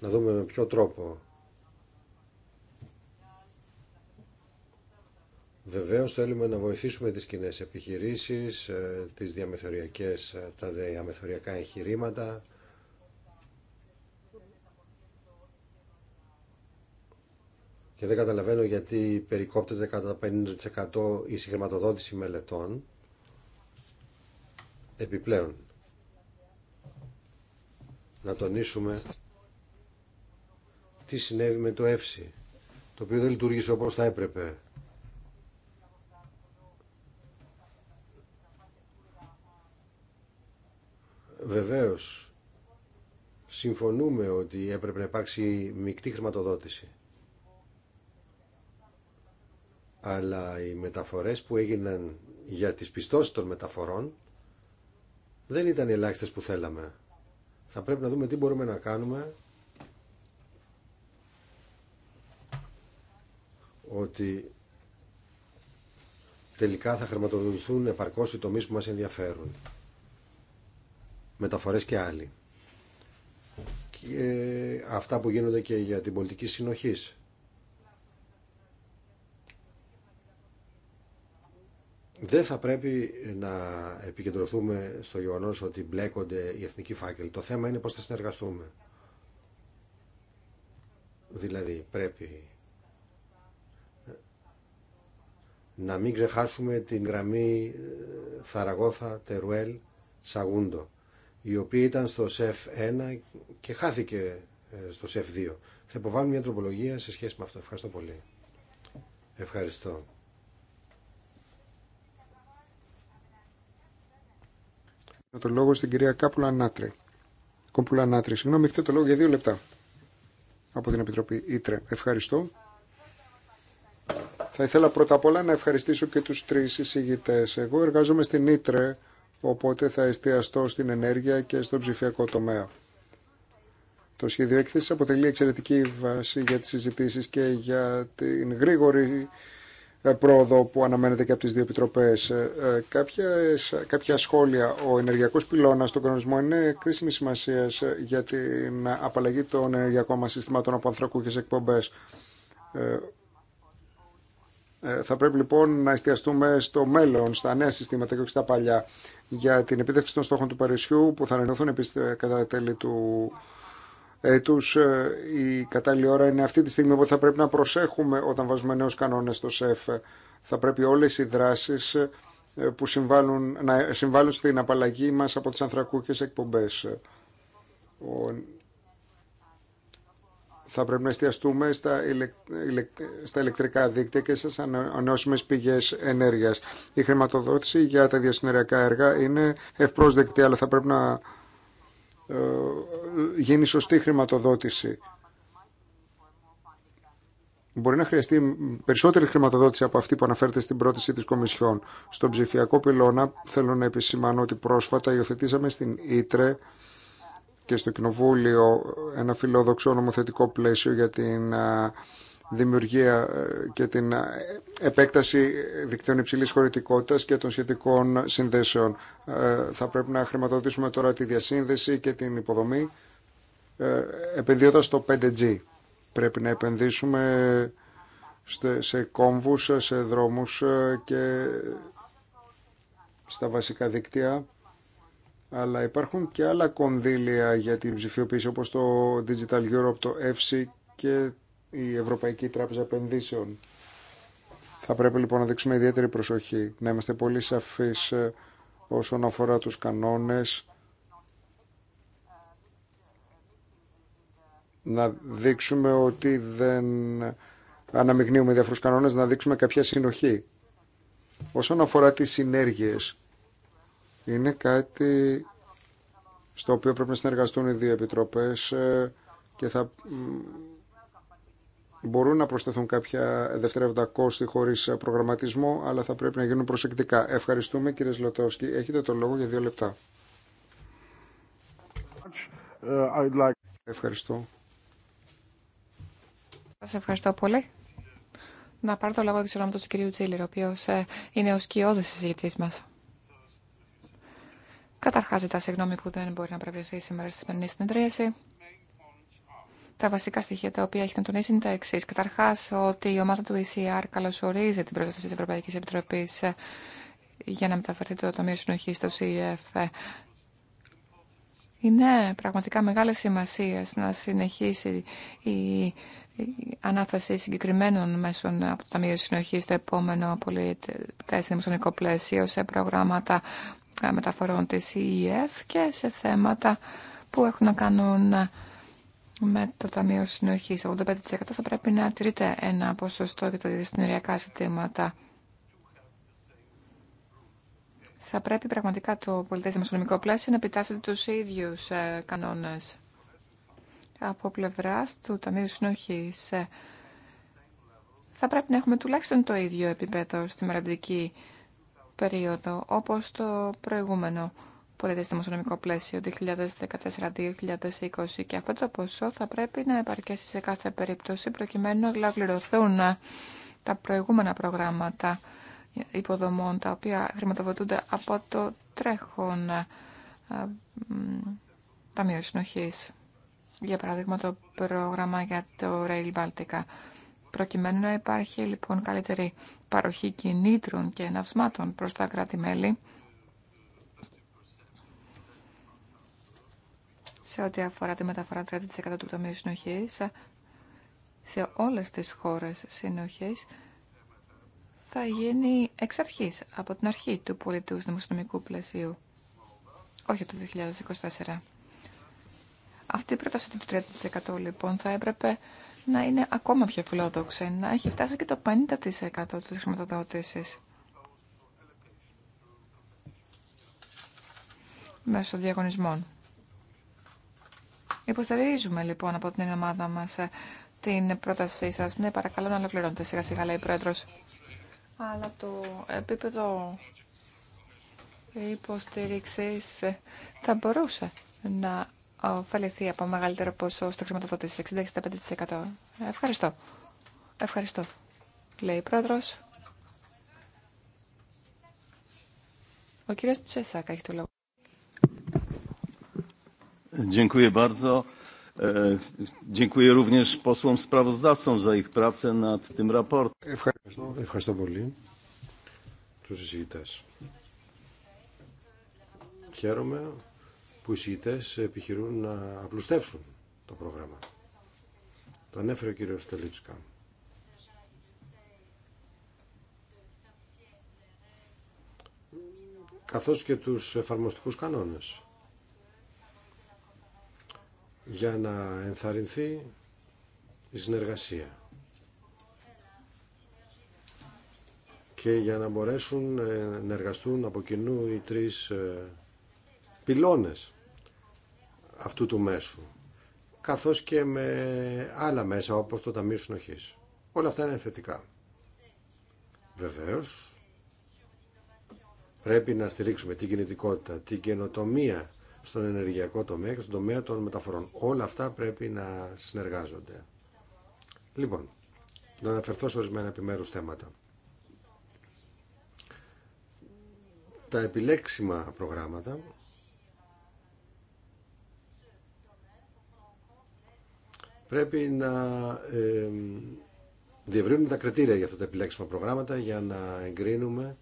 να δούμε με ποιο τρόπο. Βεβαίως θέλουμε να βοηθήσουμε τις κοινέ επιχειρήσεις, ε, τις διαμεθοριακές, ε, τα διαμεθοριακά εγχειρήματα, και δεν καταλαβαίνω γιατί περικόπτεται κατά 50% η συγχρηματοδότηση μελετών επιπλέον. Να τονίσουμε τι συνέβη με το ΕΦΣΥ, το οποίο δεν λειτουργήσε όπως θα έπρεπε. Βεβαίως, συμφωνούμε ότι έπρεπε να υπάρξει μεικτή χρηματοδότηση αλλά οι μεταφορές που έγιναν για τις πιστώσεις των μεταφορών δεν ήταν οι ελάχιστες που θέλαμε. Θα πρέπει να δούμε τι μπορούμε να κάνουμε ότι τελικά θα χρηματοδοτηθούν επαρκώς οι τομείς που μας ενδιαφέρουν. Μεταφορές και άλλοι. Και αυτά που γίνονται και για την πολιτική συνοχής. δεν θα πρέπει να επικεντρωθούμε στο γεγονό ότι μπλέκονται οι εθνικοί φάκελοι. Το θέμα είναι πώς θα συνεργαστούμε. Δηλαδή πρέπει να μην ξεχάσουμε την γραμμή ε, θαραγοθα Τερουέλ, Σαγούντο, η οποία ήταν στο ΣΕΦ 1 και χάθηκε ε, στο ΣΕΦ 2. Θα υποβάλουμε μια τροπολογία σε σχέση με αυτό. Ευχαριστώ πολύ. Ευχαριστώ. Να το λόγο στην κυρία Κάπουλα Νάτρη. Κομπούλα Νάτρη, συγγνώμη, έχετε το λόγο για δύο λεπτά από την Επιτροπή Ήτρε. Ευχαριστώ. Θα ήθελα πρώτα απ' όλα να ευχαριστήσω και τους τρεις εισηγητές. Εγώ εργάζομαι στην Ήτρε, οπότε θα εστιαστώ στην ενέργεια και στο ψηφιακό τομέα. Το σχέδιο έκθεση αποτελεί εξαιρετική βάση για τις συζητήσεις και για την γρήγορη ε, πρόοδο που αναμένεται και από τις δύο επιτροπές. Ε, ε, κάποια κάποια σχόλια. Ο ενεργειακός πυλώνας στον κανονισμό είναι κρίσιμη σημασία για την απαλλαγή των ενεργειακών μας συστημάτων από ανθρακούχες εκπομπές. Θα πρέπει λοιπόν να εστιαστούμε στο μέλλον, στα νέα συστήματα και όχι στα παλιά, για την επίτευξη των στόχων του Παρισιού που θα ανανεωθούν επίσης κατά τέλη του έτους ε, η κατάλληλη ώρα είναι αυτή τη στιγμή που θα πρέπει να προσέχουμε όταν βάζουμε νέους κανόνες στο ΣΕΦ. Θα πρέπει όλες οι δράσεις ε, που συμβάλλουν, να συμβάλλουν στην απαλλαγή μας από τις ανθρακούχες εκπομπές. Θα πρέπει να εστιαστούμε στα, ηλεκτρικά δίκτυα και στις ανανεώσιμες πηγές ενέργειας. Η χρηματοδότηση για τα διασυνοριακά έργα είναι ευπρόσδεκτη, αλλά θα πρέπει να ε, γίνει σωστή χρηματοδότηση. Μπορεί να χρειαστεί περισσότερη χρηματοδότηση από αυτή που αναφέρεται στην πρόταση της Κομισιόν. Στον ψηφιακό πυλώνα θέλω να επισημάνω ότι πρόσφατα υιοθετήσαμε στην Ήτρε και στο Κοινοβούλιο ένα φιλόδοξο νομοθετικό πλαίσιο για την ε, δημιουργία ε, και την ε, επέκταση δικτύων υψηλή χωρητικότητα και των σχετικών συνδέσεων. Ε, θα πρέπει να χρηματοδοτήσουμε τώρα τη διασύνδεση και την υποδομή επενδύοντας το 5G. Πρέπει να επενδύσουμε σε κόμβους, σε δρόμους και στα βασικά δίκτυα αλλά υπάρχουν και άλλα κονδύλια για την ψηφιοποίηση όπως το Digital Europe, το EFSI και η Ευρωπαϊκή Τράπεζα Επενδύσεων. Θα πρέπει λοιπόν να δείξουμε ιδιαίτερη προσοχή, να είμαστε πολύ σαφείς ε, όσον αφορά τους κανόνες, να δείξουμε ότι δεν αναμειγνύουμε διάφορους κανόνες, να δείξουμε κάποια συνοχή. Όσον αφορά τις συνέργειες, είναι κάτι στο οποίο πρέπει να συνεργαστούν οι δύο επιτροπές ε, και θα Μπορούν να προσθεθούν κάποια δευτερεύοντα κόστη χωρί προγραμματισμό, αλλά θα πρέπει να γίνουν προσεκτικά. Ευχαριστούμε κύριε Σλοτόσκη. Έχετε το λόγο για δύο λεπτά. Ευχαριστώ. Σα ευχαριστώ πολύ. Να πάρω το λόγο εξ ονόματο του κυρίου Τσίλερ, ο οποίο ε, είναι ο σκιώδη συζητητή μα. Καταρχά, ζητά συγγνώμη που δεν μπορεί να προβληθεί σήμερα στη σημερινή συνεδρίαση. Τα βασικά στοιχεία τα οποία έχει να τονίσει είναι τα εξή. Καταρχά, ότι η ομάδα του ECR καλωσορίζει την πρόταση τη Ευρωπαϊκή Επιτροπή ε, για να μεταφερθεί το Ταμείο Συνοχή στο CEF. Ε. Είναι πραγματικά μεγάλη σημασία να συνεχίσει η ανάθεση συγκεκριμένων μέσων από το Ταμείο Συνοχή στο επόμενο πολιτέ πλαίσιο σε προγράμματα ε, μεταφορών τη CEF και σε θέματα που έχουν να κάνουν με το Ταμείο Συνοχή. 85% θα πρέπει να τηρείται ένα ποσοστό για τα δυσυνοριακά ζητήματα. Θα πρέπει πραγματικά το πολιτέ δημοσιονομικό πλαίσιο να επιτάσσεται τους ίδιους ε, κανόνες. Από πλευρά του Ταμείου Συνοχής ε, θα πρέπει να έχουμε τουλάχιστον το ίδιο επίπεδο στη μελλοντική περίοδο όπως το προηγούμενο στο δημοσιονομικο δημοσιονομικό πλαίσιο 2014-2020 και αυτό το ποσό θα πρέπει να επαρκέσει σε κάθε περίπτωση προκειμένου να ολοκληρωθούν τα προηγούμενα προγράμματα υποδομών τα οποία χρηματοδοτούνται από το τρέχον Ταμείο συνοχή, Για παράδειγμα το πρόγραμμα για το Rail Baltica. Προκειμένου να υπάρχει λοιπόν καλύτερη παροχή κινήτρων και εναυσμάτων προς τα κράτη-μέλη σε ό,τι αφορά τη μεταφορά 30% του Ταμείου συνοχή, σε όλες τις χώρες συνοχή, θα γίνει εξ αρχής, από την αρχή του πολιτικού δημοσιονομικού πλαισίου, όχι το 2024. Αυτή η πρόταση του 30% λοιπόν θα έπρεπε να είναι ακόμα πιο φιλόδοξη, να έχει φτάσει και το 50% της χρηματοδότησης. μέσω διαγωνισμών. Υποστηρίζουμε λοιπόν από την ομάδα μας ε, την πρότασή σας. Ναι, παρακαλώ να ολοκληρώνετε σιγά σιγά, λέει η πρόεδρο. Αλλά το επίπεδο υποστήριξη ε, θα μπορούσε να ωφεληθεί από μεγαλύτερο ποσό στο χρηματοδότηση, 60-65%. Ευχαριστώ. Ευχαριστώ, λέει η Πρόεδρος. Ο κύριος Τσέσακα έχει το λόγο. E, dziękuję również posłom sprawozdawcom za ich pracę nad tym raportem. Ευχαριστώ, πολύ τους εισηγητές. Χαίρομαι που οι εισηγητές επιχειρούν να απλουστεύσουν το πρόγραμμα. Το ανέφερε ο κύριος Τελίτσκα. Καθώς και τους εφαρμοστικούς κανόνες για να ενθαρρυνθεί η συνεργασία και για να μπορέσουν ε, να εργαστούν από κοινού οι τρεις ε, πυλώνες αυτού του μέσου καθώς και με άλλα μέσα όπως το Ταμείο Συνοχής. Όλα αυτά είναι θετικά. Βεβαίως, πρέπει να στηρίξουμε την κινητικότητα, την καινοτομία στον ενεργειακό τομέα και στον τομέα των μεταφορών. Όλα αυτά πρέπει να συνεργάζονται. Λοιπόν, να αναφερθώ σε ορισμένα επιμέρους θέματα. Τα επιλέξιμα προγράμματα πρέπει να ε, διευρύνουμε τα κριτήρια για αυτά τα επιλέξιμα προγράμματα για να εγκρίνουμε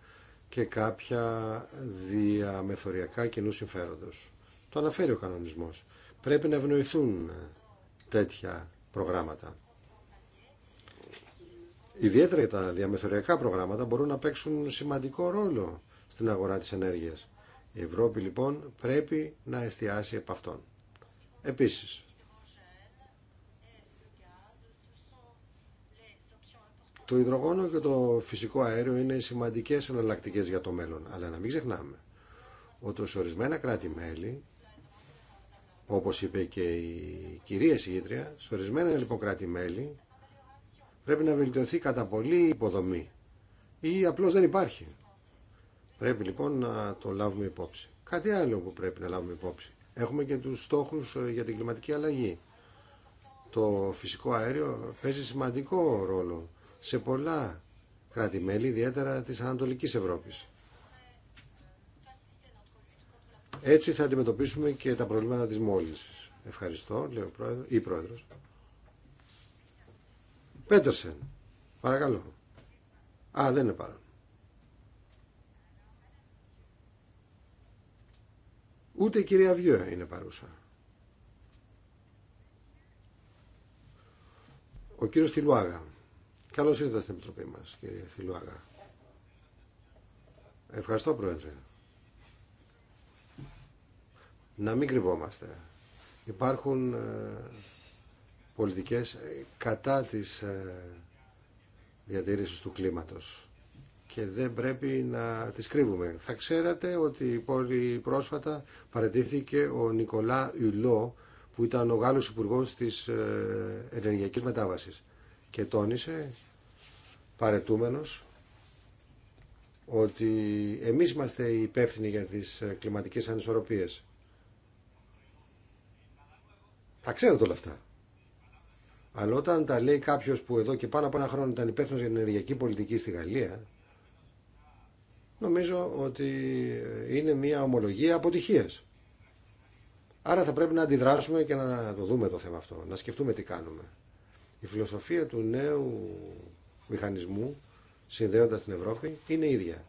και κάποια διαμεθοριακά κοινού συμφέροντος. Το αναφέρει ο κανονισμός. Πρέπει να ευνοηθούν ε, τέτοια προγράμματα. Ιδιαίτερα τα διαμεθοριακά προγράμματα μπορούν να παίξουν σημαντικό ρόλο στην αγορά της ενέργειας. Η Ευρώπη λοιπόν πρέπει να εστιάσει επ' αυτών. Επίσης, το υδρογόνο και το φυσικό αέριο είναι σημαντικές εναλλακτικέ για το μέλλον. Αλλά να μην ξεχνάμε ότι ορισμένα κράτη-μέλη όπως είπε και η κυρία Συγήτρια, σε ορισμένα λοιπόν κράτη-μέλη πρέπει να βελτιωθεί κατά πολύ η υποδομή ή απλώς δεν υπάρχει. Πρέπει λοιπόν να το λάβουμε υπόψη. Κάτι άλλο που πρέπει να λάβουμε υπόψη. Έχουμε και τους στόχους ε, για την κλιματική αλλαγή. Το φυσικό αέριο παίζει σημαντικό ρόλο σε πολλά κράτη-μέλη, ιδιαίτερα της Ανατολικής Ευρώπης. Έτσι θα αντιμετωπίσουμε και τα προβλήματα της μόλυνσης. Ευχαριστώ, λέει ο πρόεδρος, ή πρόεδρος. Πέτερσεν, παρακαλώ. Α, δεν είναι παρόν. Ούτε η κυρία Βιώ είναι παρούσα. Ο κύριος Θηλουάγα. Καλώς ήρθατε στην Επιτροπή μας, κύριε Θηλουάγα. Ευχαριστώ, Πρόεδρε να μην κρυβόμαστε. Υπάρχουν ε, πολιτικές ε, κατά της ε, διατήρησης του κλίματος και δεν πρέπει να τις κρύβουμε. Θα ξέρατε ότι πολύ πρόσφατα παρατήθηκε ο Νικολά Ιουλό που ήταν ο Γάλλος Υπουργός της Ενεργειακής Μετάβασης και τόνισε παρετούμενος ότι εμείς είμαστε οι υπεύθυνοι για τις κλιματικές ανισορροπίες τα ξέρετε όλα αυτά. Αλλά όταν τα λέει κάποιο που εδώ και πάνω από ένα χρόνο ήταν υπεύθυνο για την ενεργειακή πολιτική στη Γαλλία, νομίζω ότι είναι μια ομολογία αποτυχία. Άρα θα πρέπει να αντιδράσουμε και να το δούμε το θέμα αυτό, να σκεφτούμε τι κάνουμε. Η φιλοσοφία του νέου μηχανισμού συνδέοντας την Ευρώπη είναι ίδια.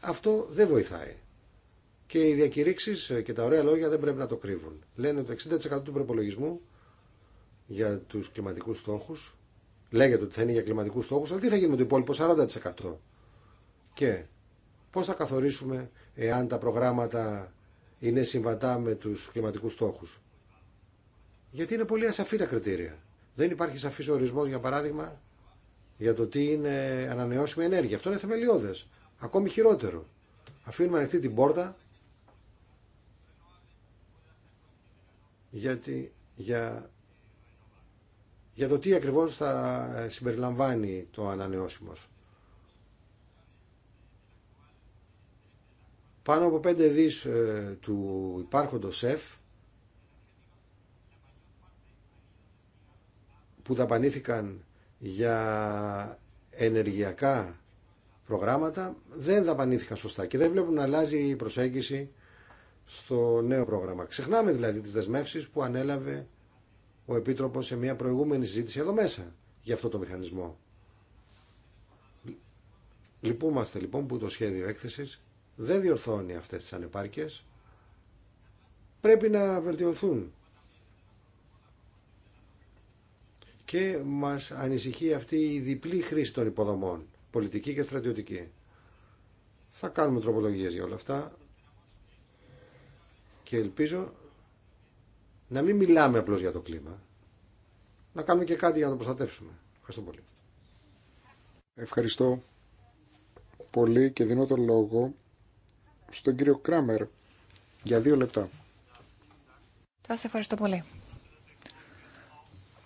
Αυτό δεν βοηθάει. Και οι διακηρύξει και τα ωραία λόγια δεν πρέπει να το κρύβουν. Λένε ότι το 60% του προπολογισμού για του κλιματικού στόχου, λέγεται ότι θα είναι για κλιματικού στόχου, αλλά τι θα γίνει με το υπόλοιπο 40%. Και πώ θα καθορίσουμε εάν τα προγράμματα είναι συμβατά με του κλιματικού στόχου. Γιατί είναι πολύ ασαφή τα κριτήρια. Δεν υπάρχει σαφή ορισμό, για παράδειγμα, για το τι είναι ανανεώσιμη ενέργεια. Αυτό είναι θεμελιώδε. Ακόμη χειρότερο. Αφήνουμε ανοιχτή την πόρτα γιατί, για, για το τι ακριβώς θα ε, συμπεριλαμβάνει το ανανεώσιμος. Πάνω από 5 δις ε, του υπάρχοντος ΣΕΦ που δαπανήθηκαν για ενεργειακά προγράμματα δεν δαπανήθηκαν σωστά και δεν βλέπουν να αλλάζει η προσέγγιση στο νέο πρόγραμμα. Ξεχνάμε δηλαδή τις δεσμεύσεις που ανέλαβε ο Επίτροπος σε μια προηγούμενη ζήτηση εδώ μέσα για αυτό το μηχανισμό. Λυπούμαστε λοιπόν που το σχέδιο έκθεσης δεν διορθώνει αυτές τις ανεπάρκειες. Πρέπει να βελτιωθούν. Και μας ανησυχεί αυτή η διπλή χρήση των υποδομών, πολιτική και στρατιωτική. Θα κάνουμε τροπολογίες για όλα αυτά. Και ελπίζω να μην μιλάμε απλώς για το κλίμα, να κάνουμε και κάτι για να το προστατεύσουμε. Ευχαριστώ πολύ. Ευχαριστώ πολύ και δίνω το λόγο στον κύριο Κράμερ για δύο λεπτά. σα ευχαριστώ πολύ.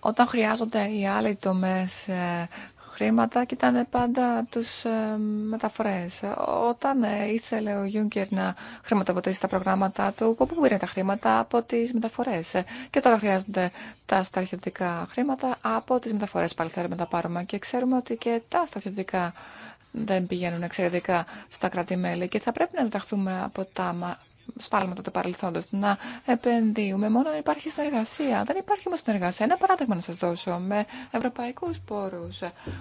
Όταν χρειάζονται οι άλλοι τομές ε, χρήματα και πάντα από τους ε, μεταφορές. Όταν ε, ήθελε ο Γιούγκερ να χρηματοδοτήσει τα προγράμματα του, πού πήρε τα χρήματα από τις μεταφορές. Ε, και τώρα χρειάζονται τα στρατιωτικά χρήματα από τις μεταφορές. Πάλι θέλουμε να τα πάρουμε και ξέρουμε ότι και τα στρατιωτικά δεν πηγαίνουν εξαιρετικά στα κρατη και θα πρέπει να διδαχθούμε από τα σφάλματα του παρελθόντο. Να επενδύουμε μόνο αν υπάρχει συνεργασία. Δεν υπάρχει όμω συνεργασία. Ένα παράδειγμα να σα δώσω. Με ευρωπαϊκού πόρου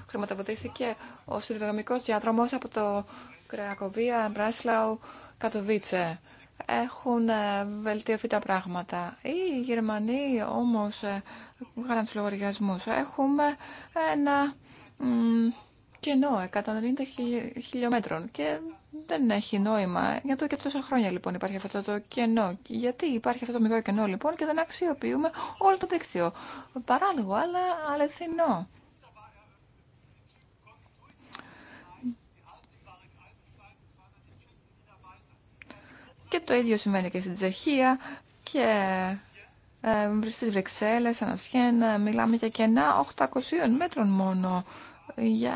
χρηματοδοτήθηκε ο συνδρομικό διάδρομο από το Κρακοβία, Μπράσλαου, Κατοβίτσε. Έχουν ε, βελτιωθεί τα πράγματα. Οι Γερμανοί όμω ε, βγάλαν του λογαριασμού. Έχουμε ένα κενό 190 χιλιόμετρων και δεν έχει νόημα. Για το και τόσα χρόνια λοιπόν υπάρχει αυτό το κενό. Γιατί υπάρχει αυτό το μικρό κενό λοιπόν και δεν αξιοποιούμε όλο το δίκτυο. Παράλογο, αλλά αληθινό. Και το ίδιο συμβαίνει και στην Τσεχία και ε, στις Βρυξέλλες, Ανασχένα, μιλάμε για κενά 800 μέτρων μόνο για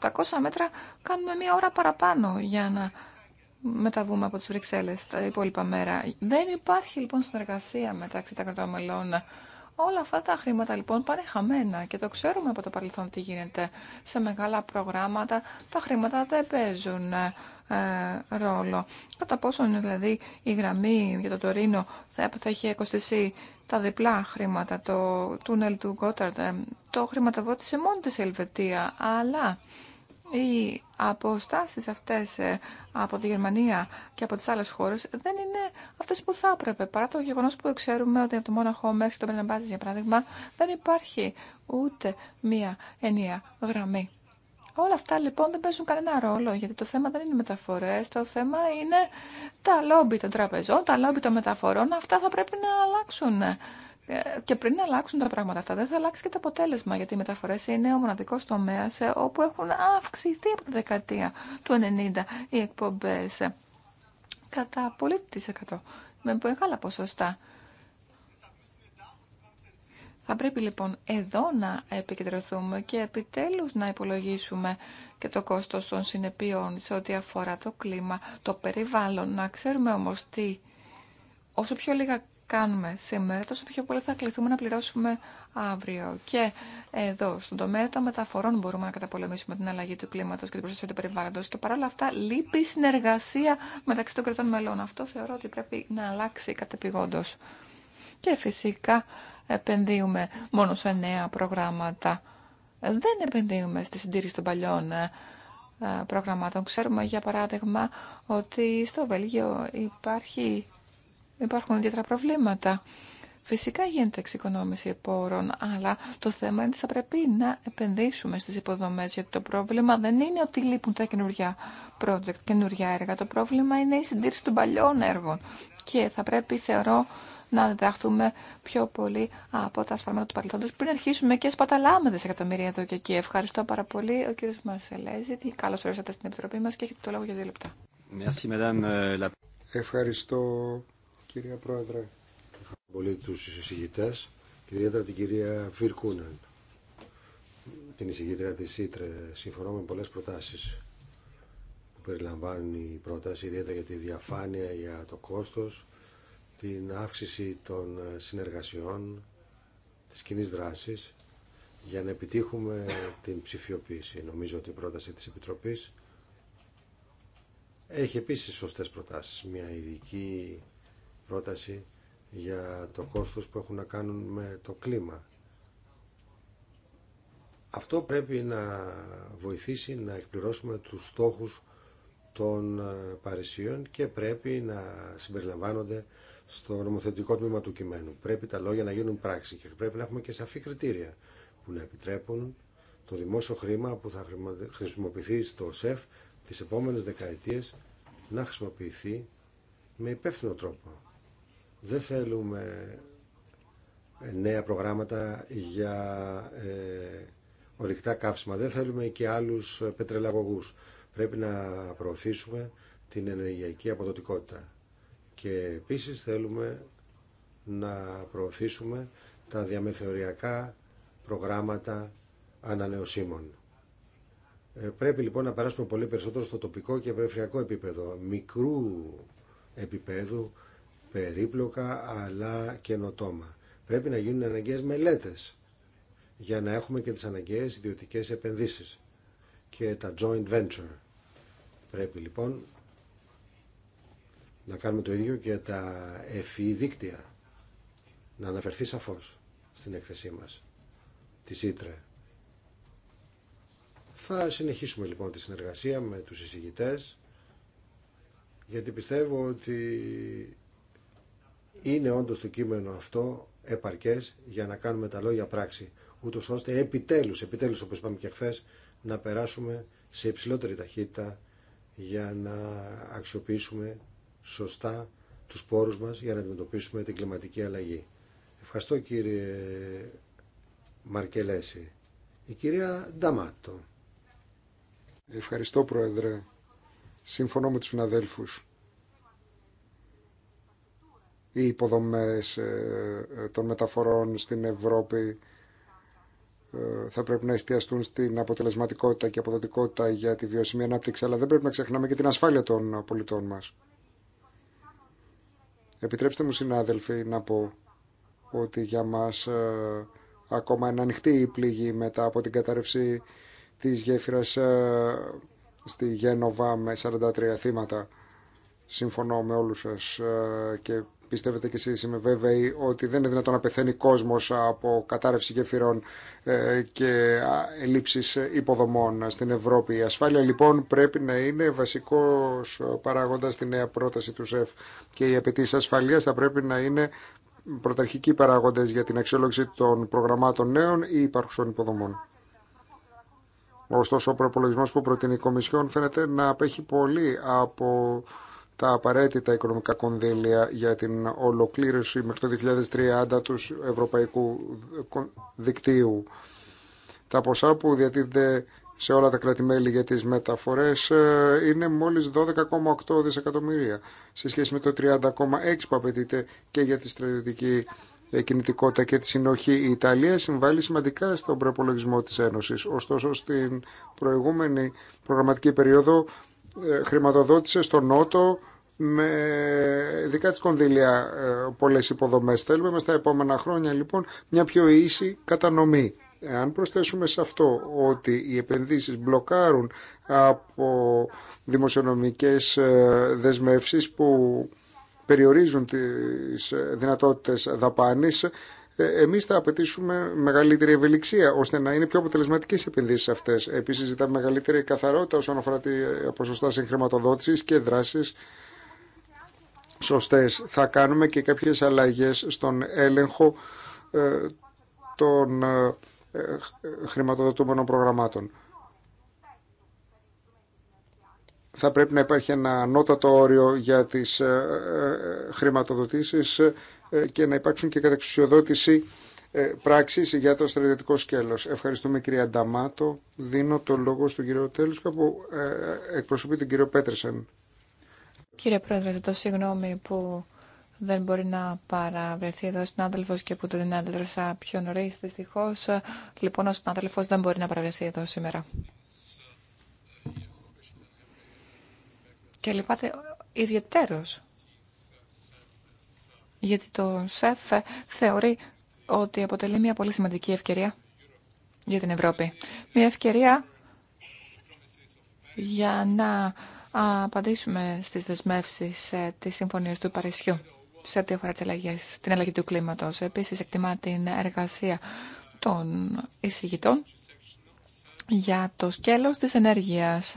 800 μέτρα κάνουμε μία ώρα παραπάνω για να μεταβούμε από τις Βρυξέλλες τα υπόλοιπα μέρα. Δεν υπάρχει λοιπόν συνεργασία μεταξύ τα κρατών Όλα αυτά τα χρήματα λοιπόν πάνε χαμένα και το ξέρουμε από το παρελθόν τι γίνεται. Σε μεγάλα προγράμματα τα χρήματα δεν παίζουν ε, ρόλο. Κατά είναι δηλαδή η γραμμή για το Τωρίνο θα, θα έχει κοστίσει τα διπλά χρήματα, το τούνελ του Γκόταρντ, ε, το χρηματοδότησε μόνο τη Ελβετία, αλλά οι αποστάσεις αυτές ε, από τη Γερμανία και από τις άλλες χώρες δεν είναι αυτές που θα έπρεπε. Παρά το γεγονός που ξέρουμε ότι από το Μόναχο μέχρι το Μπερναμπάτης, για παράδειγμα, δεν υπάρχει ούτε μία ενιαία γραμμή Όλα αυτά λοιπόν δεν παίζουν κανένα ρόλο, γιατί το θέμα δεν είναι οι μεταφορές, το θέμα είναι τα λόμπι των τραπεζών, τα λόμπι των μεταφορών, αυτά θα πρέπει να αλλάξουν. Ε, και πριν αλλάξουν τα πράγματα αυτά, δεν θα αλλάξει και το αποτέλεσμα, γιατί οι μεταφορέ είναι ο μοναδικό τομέα ε, όπου έχουν αυξηθεί από τη δεκαετία του 90 οι εκπομπέ. Κατά πολύ τη με μεγάλα ποσοστά. Θα πρέπει λοιπόν εδώ να επικεντρωθούμε και επιτέλους να υπολογίσουμε και το κόστος των συνεπειών σε ό,τι αφορά το κλίμα, το περιβάλλον. Να ξέρουμε όμως τι, όσο πιο λίγα κάνουμε σήμερα, τόσο πιο πολύ θα κληθούμε να πληρώσουμε αύριο. Και εδώ, στον τομέα των μεταφορών, μπορούμε να καταπολεμήσουμε την αλλαγή του κλίματος και την προστασία του περιβάλλοντος. Και παράλληλα αυτά, λείπει συνεργασία μεταξύ των κρατών μελών. Αυτό θεωρώ ότι πρέπει να αλλάξει κατεπηγόντως. Και φυσικά επενδύουμε μόνο σε νέα προγράμματα. Δεν επενδύουμε στη συντήρηση των παλιών ε, προγραμμάτων. Ξέρουμε, για παράδειγμα, ότι στο Βέλγιο υπάρχει, υπάρχουν ιδιαίτερα προβλήματα. Φυσικά γίνεται εξοικονόμηση πόρων, αλλά το θέμα είναι ότι θα πρέπει να επενδύσουμε στις υποδομές, γιατί το πρόβλημα δεν είναι ότι λείπουν τα καινούργια project, καινούργια έργα. Το πρόβλημα είναι η συντήρηση των παλιών έργων. Και θα πρέπει, θεωρώ, να διδαχθούμε πιο πολύ από τα σφαλμάτα του παρελθόντο. πριν αρχίσουμε και σπαταλάμε δισεκατομμύρια εδώ και εκεί. Ευχαριστώ πάρα πολύ. Ο κύριο Μαρσελέζη, καλώ ήρθατε στην Επιτροπή μα και έχετε το λόγο για δύο λεπτά. Ε, Ευχαριστώ κυρία Πρόεδρε. Ευχαριστώ πολύ του εισηγητές και ιδιαίτερα την κυρία Φιρκούνεν, την εισηγήτρια τη ΣΥΤΡΕ. Συμφωνώ με πολλέ προτάσει. που περιλαμβάνουν η πρόταση, ιδιαίτερα για τη διαφάνεια, για το κόστος την αύξηση των ε, συνεργασιών, της κοινή δράσης, για να επιτύχουμε την ψηφιοποίηση. Νομίζω ότι η πρόταση της Επιτροπής έχει επίσης σωστές προτάσεις. Μια ειδική πρόταση για το κόστος που έχουν να κάνουν με το κλίμα. Αυτό πρέπει να βοηθήσει να εκπληρώσουμε τους στόχους των ε, Παρισίων και πρέπει να συμπεριλαμβάνονται στο νομοθετικό τμήμα του κειμένου. Πρέπει τα λόγια να γίνουν πράξη και πρέπει να έχουμε και σαφή κριτήρια που να επιτρέπουν το δημόσιο χρήμα που θα χρησιμοποιηθεί στο ΣΕΦ τις επόμενες δεκαετίες να χρησιμοποιηθεί με υπεύθυνο τρόπο. Δεν θέλουμε ε, νέα προγράμματα για ε, ορυκτά καύσιμα. Δεν θέλουμε και άλλους ε, πετρελαγωγούς. Πρέπει να προωθήσουμε την ενεργειακή αποδοτικότητα. Και επίσης θέλουμε να προωθήσουμε τα διαμεθεωριακά προγράμματα ανανεωσίμων. Ε, πρέπει λοιπόν να περάσουμε πολύ περισσότερο στο τοπικό και περιφερειακό επίπεδο, μικρού επίπεδου, περίπλοκα αλλά καινοτόμα. Πρέπει να γίνουν αναγκαίες μελέτες για να έχουμε και τις αναγκαίες ιδιωτικές επενδύσεις και τα joint venture. Πρέπει λοιπόν να κάνουμε το ίδιο και τα ΕΦΗ δίκτυα να αναφερθεί σαφώς στην έκθεσή μας τη Ήτρε. Θα συνεχίσουμε λοιπόν τη συνεργασία με τους εισηγητές γιατί πιστεύω ότι είναι όντως το κείμενο αυτό επαρκές για να κάνουμε τα λόγια πράξη ούτως ώστε επιτέλους, επιτέλους όπως είπαμε και χθε, να περάσουμε σε υψηλότερη ταχύτητα για να αξιοποιήσουμε σωστά τους πόρους μας για να αντιμετωπίσουμε την κλιματική αλλαγή. Ευχαριστώ κύριε Μαρκελέση. Η κυρία Νταμάτο. Ευχαριστώ Πρόεδρε. Συμφωνώ με τους συναδέλφους. Οι υποδομές ε, ε, των μεταφορών στην Ευρώπη ε, θα πρέπει να εστιαστούν στην αποτελεσματικότητα και αποδοτικότητα για τη βιώσιμη ανάπτυξη, αλλά δεν πρέπει να ξεχνάμε και την ασφάλεια των πολιτών μας. Επιτρέψτε μου συνάδελφοι να πω ότι για μας ε, ακόμα είναι ανοιχτή η πληγή μετά από την κατάρρευση της γέφυρας ε, στη Γένοβα με 43 θύματα. Συμφωνώ με όλους σας ε, και πιστεύετε κι εσείς, είμαι βέβαιη, ότι δεν είναι δυνατόν να πεθαίνει κόσμος από κατάρρευση γεφυρών ε, και ελλείψεις υποδομών στην Ευρώπη. Η ασφάλεια λοιπόν πρέπει να είναι βασικός παράγοντας στη νέα πρόταση του ΣΕΦ και οι απαιτήσει ασφαλείας θα πρέπει να είναι πρωταρχικοί παράγοντες για την αξιολόγηση των προγραμμάτων νέων ή υπάρχουσων υποδομών. Ωστόσο, ο προπολογισμό που προτείνει η Κομισιόν φαίνεται να απέχει πολύ από τα απαραίτητα οικονομικά κονδύλια για την ολοκλήρωση μέχρι το 2030 του Ευρωπαϊκού Δικτύου. Τα ποσά που διατίθενται σε όλα τα κράτη-μέλη για τις μεταφορές ε, είναι μόλις 12,8 δισεκατομμύρια σε σχέση με το 30,6 που απαιτείται και για τη στρατιωτική ε, κινητικότητα και τη συνοχή. Η Ιταλία συμβάλλει σημαντικά στον προπολογισμό της Ένωσης. Ωστόσο, στην προηγούμενη προγραμματική περίοδο ε, χρηματοδότησε στο Νότο με δικά της κονδύλια ε, πολλές υποδομές. Θέλουμε μες τα επόμενα χρόνια λοιπόν μια πιο ίση κατανομή. Αν προσθέσουμε σε αυτό ότι οι επενδύσεις μπλοκάρουν από δημοσιονομικές ε, δεσμεύσεις που περιορίζουν τις ε, δυνατότητες δαπάνης, εμείς θα απαιτήσουμε μεγαλύτερη ευελιξία ώστε να είναι πιο αποτελεσματικές οι επενδύσει αυτέ. Επίση, ζητάμε μεγαλύτερη καθαρότητα όσον αφορά τα ποσοστά συγχρηματοδότηση και δράσεις σωστές. Θα κάνουμε και κάποιες αλλαγές στον έλεγχο ε, των ε, ε, χρηματοδοτούμενων προγραμμάτων. Θα πρέπει να υπάρχει ένα ανώτατο όριο για τις χρηματοδοτήσεις και να υπάρξουν και κατεξουσιοδότηση πράξεις για το στρατιωτικό σκέλος. Ευχαριστούμε κυρία Ανταμάτο. Δίνω το λόγο στον κύριο Τέλουσκα που εκπροσωπεί τον κύριο Πέτρεσεν. Κύριε Πρόεδρε, το συγγνώμη που δεν μπορεί να παραβρεθεί εδώ ο συνάδελφο και που τον έδρασα πιο νωρί. Δυστυχώ, λοιπόν, ο συνάδελφο δεν μπορεί να παραβρεθεί εδώ σήμερα. Και λυπάται ιδιαιτέρω. Γιατί το ΣΕΦ θεωρεί ότι αποτελεί μια πολύ σημαντική ευκαιρία για την Ευρώπη. Μια ευκαιρία για να απαντήσουμε στις δεσμεύσει ε, της Συμφωνία του Παρισιού σε ό,τι αφορά την αλλαγή του κλίματος. Επίση, εκτιμά την εργασία των εισηγητών για το σκέλος της ενέργειας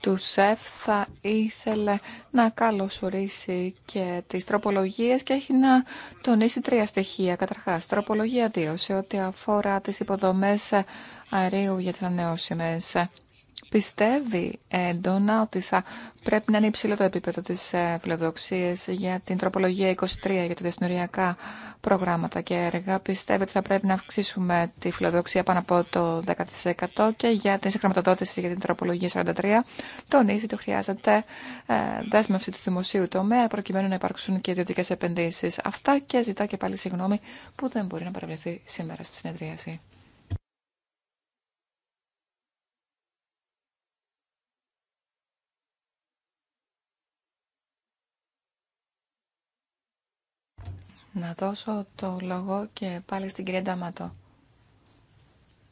του ΣΕΦ θα ήθελε να καλωσορίσει και τις τροπολογίες και έχει να τονίσει τρία στοιχεία. Καταρχάς, τροπολογία 2 σε ό,τι αφορά τις υποδομές αερίου για τις πιστεύει έντονα ότι θα πρέπει να είναι υψηλό το επίπεδο της ε, φιλοδοξίας για την τροπολογία 23, για τα διασυνοριακά προγράμματα και έργα. Πιστεύει ότι θα πρέπει να αυξήσουμε τη φιλοδοξία πάνω από το 10% και για την συγχρηματοδότηση για την τροπολογία 43 τονίζει ότι χρειάζεται ε, δέσμευση του δημοσίου τομέα προκειμένου να υπάρξουν και ιδιωτικέ επενδύσεις. Αυτά και ζητά και πάλι συγγνώμη που δεν μπορεί να παρευρεθεί σήμερα στη συνεδρίαση. να δώσω το λόγο και πάλι στην κυρία Νταμάτο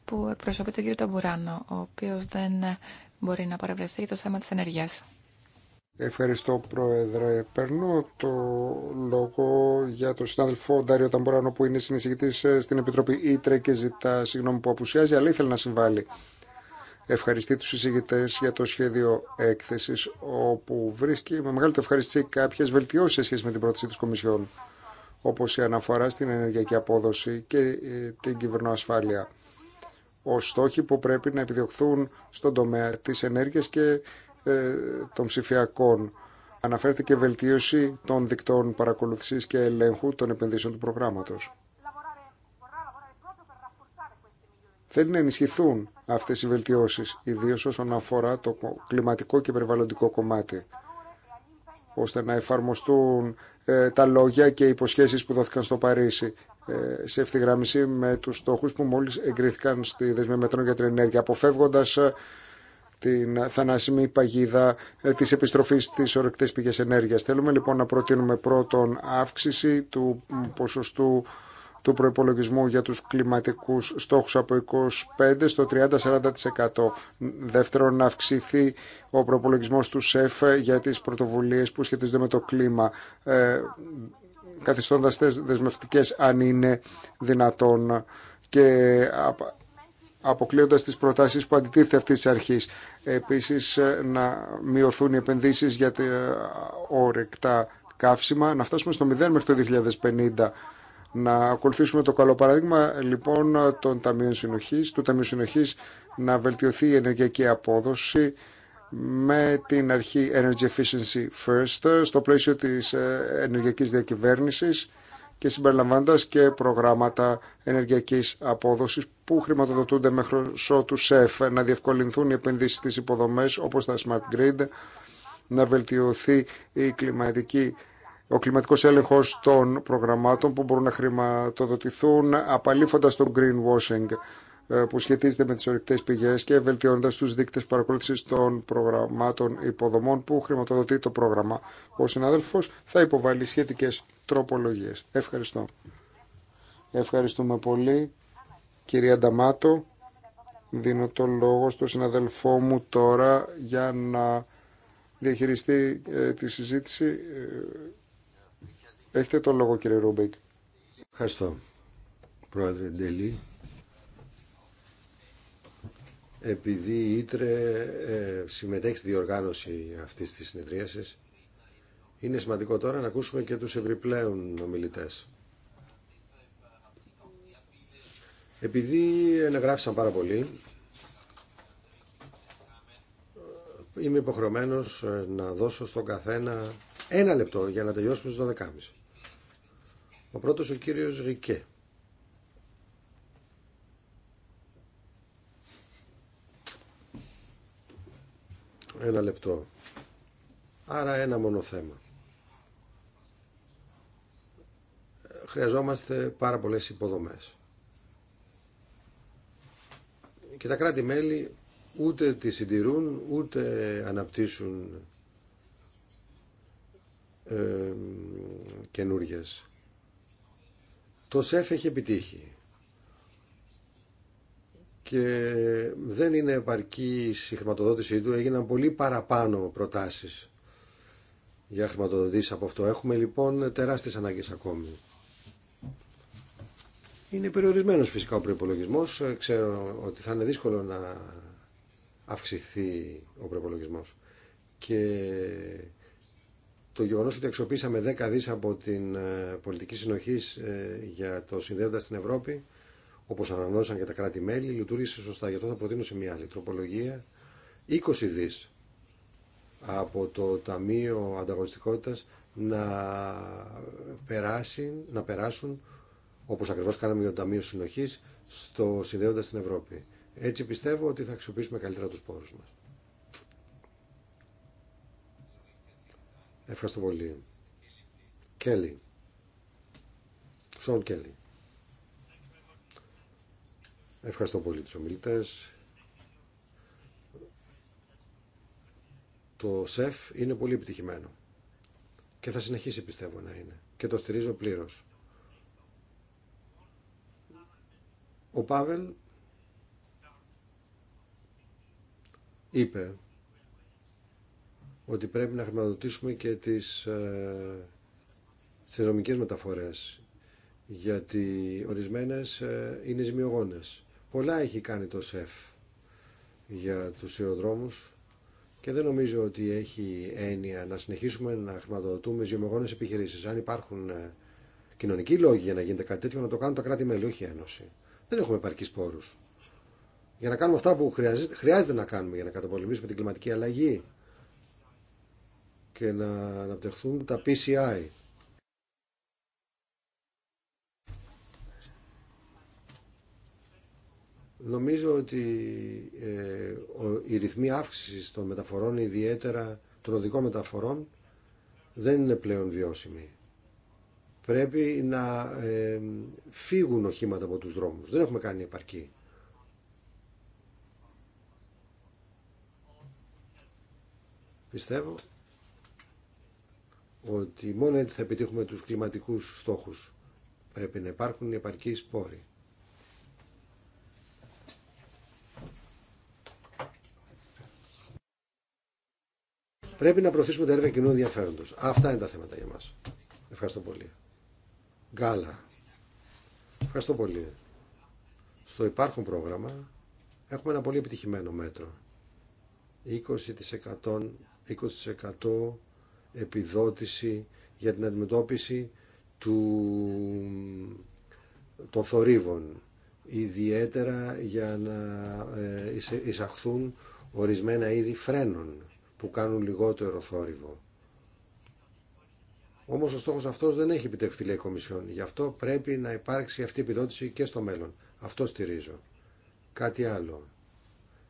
που εκπροσωπεί τον κύριο Ταμπουράνο, ο οποίος δεν μπορεί να παρευρεθεί για το θέμα της ενεργείας. Ευχαριστώ Πρόεδρε. Παίρνω το λόγο για τον συνάδελφο Ντάριο Ταμπουράνο που είναι συνεισηγητής ε, στην Επιτροπή Ήτρε και ζητά συγγνώμη που απουσιάζει αλλά ήθελε να συμβάλλει. Ευχαριστεί τους συζητητές για το σχέδιο έκθεση όπου βρίσκει με μεγάλη το ευχαριστή κάποιες βελτιώσεις σε σχέση με την πρόταση τη Κομισιόν όπως η αναφορά στην ενεργειακή απόδοση και ε, την κυβερνοασφάλεια ω στόχοι που πρέπει να επιδιωχθούν στον τομέα της ενέργειας και ε, των ψηφιακών. Αναφέρεται και βελτίωση των δικτών παρακολουθησής και ελέγχου των επενδύσεων του προγράμματος. Θέλει να ενισχυθούν αυτές οι βελτιώσεις, ιδίως όσον αφορά το κλιματικό και περιβαλλοντικό κομμάτι ώστε να εφαρμοστούν ε, τα λόγια και οι υποσχέσεις που δόθηκαν στο Παρίσι ε, σε ευθυγράμμιση με τους στόχους που μόλις εγκρίθηκαν στη Δεσμή για την Ενέργεια, αποφεύγοντας ε, την θανάσιμη παγίδα της επιστροφής στις ορεκτές πηγές ενέργειας. Θέλουμε λοιπόν να προτείνουμε πρώτον αύξηση του ποσοστού του προϋπολογισμού για τους κλιματικούς στόχους από 25% στο 30-40%. Δεύτερον, να αυξηθεί ο προϋπολογισμός του ΣΕΦ για τις πρωτοβουλίες που σχετίζονται με το κλίμα, ε, καθιστώντας τις δεσμευτικές αν είναι δυνατόν και αποκλείοντας τις προτάσεις που αντιτίθεται αυτή τη αρχή. Επίση, ε, να μειωθούν οι επενδύσεις για τα ορεκτά ε, καύσιμα, να φτάσουμε στο 0 μέχρι το 2050 να ακολουθήσουμε το καλό παράδειγμα λοιπόν των ταμείων συνοχής, του Ταμείου Συνοχής να βελτιωθεί η ενεργειακή απόδοση με την αρχή Energy Efficiency First στο πλαίσιο της ε, ενεργειακής διακυβέρνησης και συμπεριλαμβάνοντας και προγράμματα ενεργειακής απόδοσης που χρηματοδοτούνται μέχρι του ΣΕΦ, να διευκολυνθούν οι επενδύσεις στις υποδομές όπως τα Smart Grid, να βελτιωθεί η κλιματική ο κλιματικός έλεγχος των προγραμμάτων που μπορούν να χρηματοδοτηθούν απαλήφοντα το greenwashing ε, που σχετίζεται με τις ορυκτέ πηγές και βελτιώνοντα του δείκτε παρακολούθηση των προγραμμάτων υποδομών που χρηματοδοτεί το πρόγραμμα. Ο συναδέλφο, θα υποβάλει σχετικέ τροπολογίες. Ευχαριστώ. Ευχαριστούμε πολύ. Κυρία Νταμάτο, δίνω το λόγο στον συναδελφό μου τώρα για να διαχειριστεί ε, τη συζήτηση. Ε, Έχετε τον λόγο κύριε Ρούμπεκ. Ευχαριστώ. Πρόεδρε Ντελή. Επειδή η Ήτρε ε, συμμετέχει στη διοργάνωση αυτής της συνεδρίασης, είναι σημαντικό τώρα να ακούσουμε και τους ευρυπλέον ομιλητές. Επειδή ενεγράφησαν πάρα πολύ, είμαι υποχρεωμένος ε, να δώσω στον καθένα ένα λεπτό για να τελειώσουμε στις 12.30. Ο πρώτος ο κύριος Ρικέ. Ένα λεπτό. Άρα ένα μόνο θέμα. Χρειαζόμαστε πάρα πολλές υποδομές. Και τα κράτη-μέλη ούτε τις συντηρούν, ούτε αναπτύσσουν ε, το ΣΕΦ έχει επιτύχει και δεν είναι επαρκή η χρηματοδότησή του. Έγιναν πολύ παραπάνω προτάσεις για χρηματοδοτήσεις από αυτό. Έχουμε λοιπόν τεράστιες ανάγκες ακόμη. Είναι περιορισμένος φυσικά ο προπολογισμό. Ξέρω ότι θα είναι δύσκολο να αυξηθεί ο προπολογισμό. Και το γεγονός ότι αξιοποίησαμε 10 δις από την ε, πολιτική συνοχή ε, για το συνδέοντα στην Ευρώπη, όπως αναγνώρισαν και τα κράτη-μέλη, λειτουργήσε σωστά. Γι' αυτό θα προτείνω σε μια άλλη τροπολογία 20 δις από το Ταμείο Ανταγωνιστικότητας να, περάσει, να περάσουν, όπως ακριβώς κάναμε για το Ταμείο Συνοχής, στο συνδέοντα στην Ευρώπη. Έτσι πιστεύω ότι θα αξιοποιήσουμε καλύτερα τους πόρους μας. Ευχαριστώ πολύ. Κέλλη. Σον Κέλλη. Ευχαριστώ πολύ τους ομιλητές. Το ΣΕΦ είναι πολύ επιτυχημένο και θα συνεχίσει πιστεύω να είναι και το στηρίζω πλήρως. Ο Πάβελ είπε ότι πρέπει να χρηματοδοτήσουμε και τις συνδρομικές ε, μεταφορές γιατί ορισμένες ε, είναι ζημιογόνες. Πολλά έχει κάνει το ΣΕΦ για τους σειροδρόμους και δεν νομίζω ότι έχει έννοια να συνεχίσουμε να χρηματοδοτούμε ζημιογόνες επιχειρήσεις. Αν υπάρχουν ε, κοινωνικοί λόγοι για να γίνεται κάτι τέτοιο, να το κάνουν τα κράτη-μέλη, όχι η Ένωση. Δεν έχουμε επαρκεί πόρου. Για να κάνουμε αυτά που χρειάζεται, χρειάζεται να κάνουμε για να καταπολεμήσουμε την κλιματική αλλαγή, και να αναπτυχθούν τα PCI. Νομίζω ότι η ε, ο, οι αύξησης των μεταφορών, ιδιαίτερα των οδικών μεταφορών, δεν είναι πλέον βιώσιμη. Πρέπει να ε, φύγουν οχήματα από τους δρόμους. Δεν έχουμε κάνει επαρκή. Πιστεύω ότι μόνο έτσι θα επιτύχουμε τους κλιματικούς στόχους. Πρέπει να υπάρχουν επαρκείς πόροι. Πρέπει να προωθήσουμε τα έργα κοινού ενδιαφέροντο. Αυτά είναι τα θέματα για μας. Ευχαριστώ πολύ. Γκάλα. Ευχαριστώ πολύ. Στο υπάρχον πρόγραμμα έχουμε ένα πολύ επιτυχημένο μέτρο. 20%, 20 επιδότηση για την αντιμετώπιση του, των θορύβων, ιδιαίτερα για να ε, εισαχθούν ορισμένα είδη φρένων που κάνουν λιγότερο θόρυβο. Όμως ο στόχος αυτός δεν έχει επιτευχθεί, λέει η Κομισιόν. Γι' αυτό πρέπει να υπάρξει αυτή η επιδότηση και στο μέλλον. Αυτό στηρίζω. Κάτι άλλο.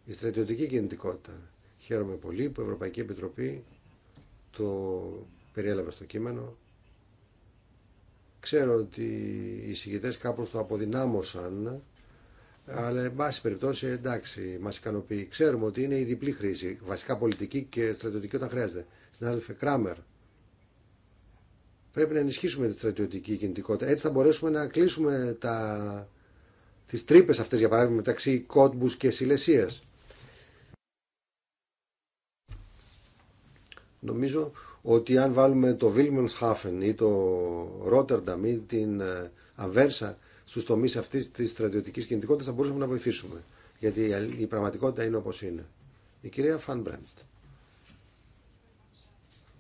Η στρατιωτική κινητικότητα. Χαίρομαι πολύ που η Ευρωπαϊκή Επιτροπή το περιέλαβε στο κείμενο. Ξέρω ότι οι συγκητές κάπως το αποδυνάμωσαν, αλλά εν πάση περιπτώσει εντάξει, μας ικανοποιεί. Ξέρουμε ότι είναι η διπλή χρήση, βασικά πολιτική και στρατιωτική όταν χρειάζεται. Στην άλλη, Κράμερ. Πρέπει να ενισχύσουμε τη στρατιωτική κινητικότητα. Έτσι θα μπορέσουμε να κλείσουμε τα... τις τρύπες αυτές, για παράδειγμα, μεταξύ Κότμπους και Σιλεσίας. Νομίζω ότι αν βάλουμε το Wilhelmshaven ή το Rotterdam ή την Αμβέρσα ε, στους τομείς αυτής της στρατιωτικής κινητικότητας θα μπορούσαμε να βοηθήσουμε. Γιατί η πραγματικότητα είναι Φανβρεμία. Ευχαριστώ κυρία Φαν Μπρέμπτ.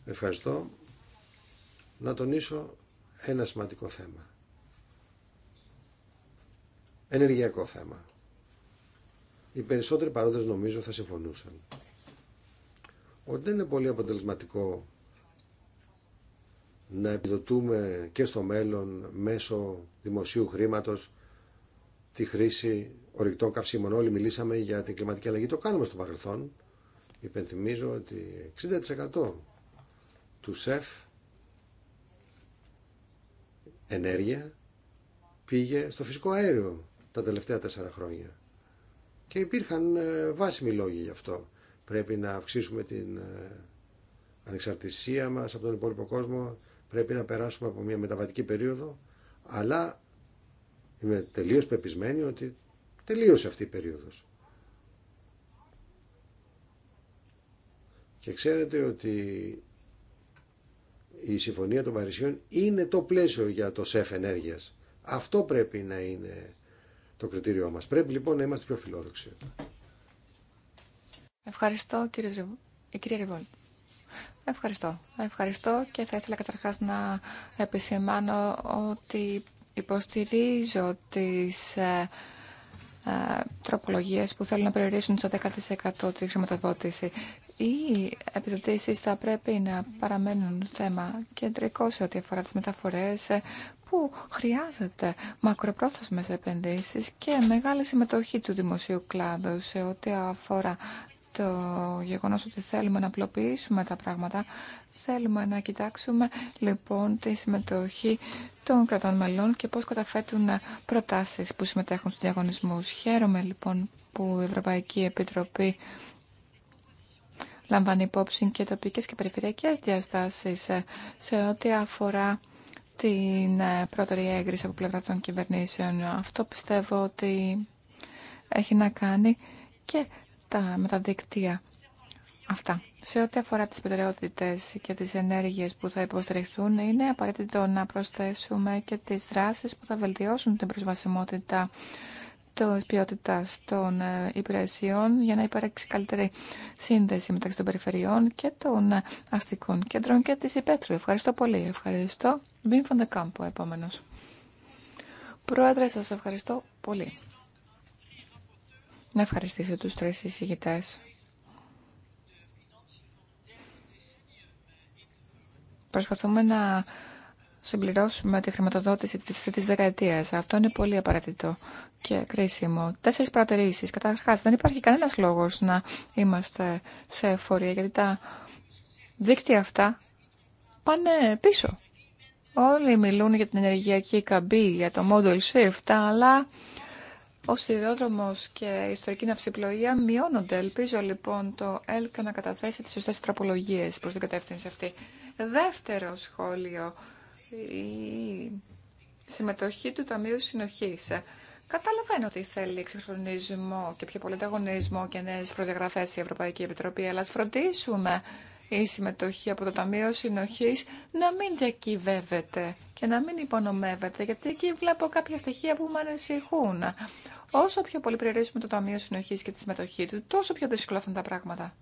Ευχαριστώ. Να τονίσω ένα σημαντικό θέμα. Ενεργειακό θέμα. Οι περισσότεροι παρόντες νομίζω θα μπορουσαμε να βοηθησουμε γιατι η πραγματικοτητα ειναι οπως ειναι η κυρια φανμπρεμπτ ευχαριστω να τονισω ενα σημαντικο θεμα ενεργειακο θεμα οι περισσοτεροι παροντες νομιζω θα συμφωνουσαν ότι δεν είναι πολύ αποτελεσματικό να επιδοτούμε και στο μέλλον μέσω δημοσίου χρήματος τη χρήση ορυκτών καυσίμων. Όλοι μιλήσαμε για την κλιματική αλλαγή. Το κάνουμε στο παρελθόν. Υπενθυμίζω ότι 60% του ΣΕΦ ενέργεια πήγε στο φυσικό αέριο τα τελευταία τέσσερα χρόνια. Και υπήρχαν ε, βάσιμοι λόγοι γι' αυτό. Πρέπει να αυξήσουμε την ε, ανεξαρτησία μας από τον υπόλοιπο κόσμο. Πρέπει να περάσουμε από μια μεταβατική περίοδο. Αλλά είμαι τελείως πεπισμένη ότι τελείωσε αυτή η περίοδος. Και ξέρετε ότι η Συμφωνία των Παρισιών είναι το πλαίσιο για το ΣΕΦ ενέργειας. Αυτό πρέπει να είναι το κριτήριό μας. Πρέπει λοιπόν να είμαστε πιο φιλόδοξοι. Ευχαριστώ, κύριε ε, Ριβ... Ευχαριστώ. Ευχαριστώ και θα ήθελα καταρχάς να επισημάνω ότι υποστηρίζω τις ε, ε τροπολογίες που θέλουν να περιορίσουν στο 10% τη χρηματοδότηση. Οι επιδοτήσει θα πρέπει να παραμένουν θέμα κεντρικό σε ό,τι αφορά τις μεταφορές ε, που χρειάζεται μακροπρόθεσμες επενδύσεις και μεγάλη συμμετοχή του δημοσίου κλάδου σε ό,τι αφορά το γεγονός ότι θέλουμε να απλοποιήσουμε τα πράγματα, θέλουμε να κοιτάξουμε λοιπόν τη συμμετοχή των κρατών μελών και πώς καταφέτουν προτάσεις που συμμετέχουν στους διαγωνισμούς. Χαίρομαι λοιπόν που η Ευρωπαϊκή Επιτροπή λαμβάνει υπόψη και τοπικές και περιφερειακές διαστάσεις σε ό,τι αφορά την ε, πρώτερη έγκριση από πλευρά των κυβερνήσεων. Αυτό πιστεύω ότι έχει να κάνει και τα, με τα δίκτυα αυτά. Σε ό,τι αφορά τις προτεραιότητες και τις ενέργειες που θα υποστηριχθούν, είναι απαραίτητο να προσθέσουμε και τις δράσεις που θα βελτιώσουν την προσβασιμότητα της ποιότητας των ε, υπηρεσιών για να υπάρξει καλύτερη σύνδεση μεταξύ των περιφερειών και των αστικών κέντρων και της υπέτρου. Ευχαριστώ πολύ. Ευχαριστώ. Φαντεκάμπο, επόμενος. Πρόεδρε, σας ευχαριστώ πολύ να ευχαριστήσω τους τρεις εισηγητές. Προσπαθούμε να συμπληρώσουμε τη χρηματοδότηση της, τρίτης δεκαετίας. Αυτό είναι πολύ απαραίτητο και κρίσιμο. Τέσσερις παρατηρήσεις. Καταρχάς, δεν υπάρχει κανένας λόγος να είμαστε σε εφορία, γιατί τα δίκτυα αυτά πάνε πίσω. Όλοι μιλούν για την ενεργειακή καμπή, για το model shift, αλλά ο σιδηρόδρομος και η ιστορική ναυσιπλοεία μειώνονται. Ελπίζω λοιπόν το ΕΛΚΑ να καταθέσει τις σωστές τραπολογίες προς την κατεύθυνση αυτή. Δεύτερο σχόλιο, η συμμετοχή του Ταμείου Συνοχής. Καταλαβαίνω ότι θέλει εξυγχρονισμό και πιο πολύ ανταγωνισμό και νέε προδιαγραφέ η Ευρωπαϊκή Επιτροπή, αλλά φροντίσουμε η συμμετοχή από το Ταμείο Συνοχή να μην διακυβεύεται και να μην υπονομεύεται, γιατί εκεί βλέπω κάποια στοιχεία που με ανησυχούν. Όσο πιο πολύ περιορίζουμε το Ταμείο Συνοχή και τη συμμετοχή του, τόσο πιο δύσκολα θα τα πράγματα.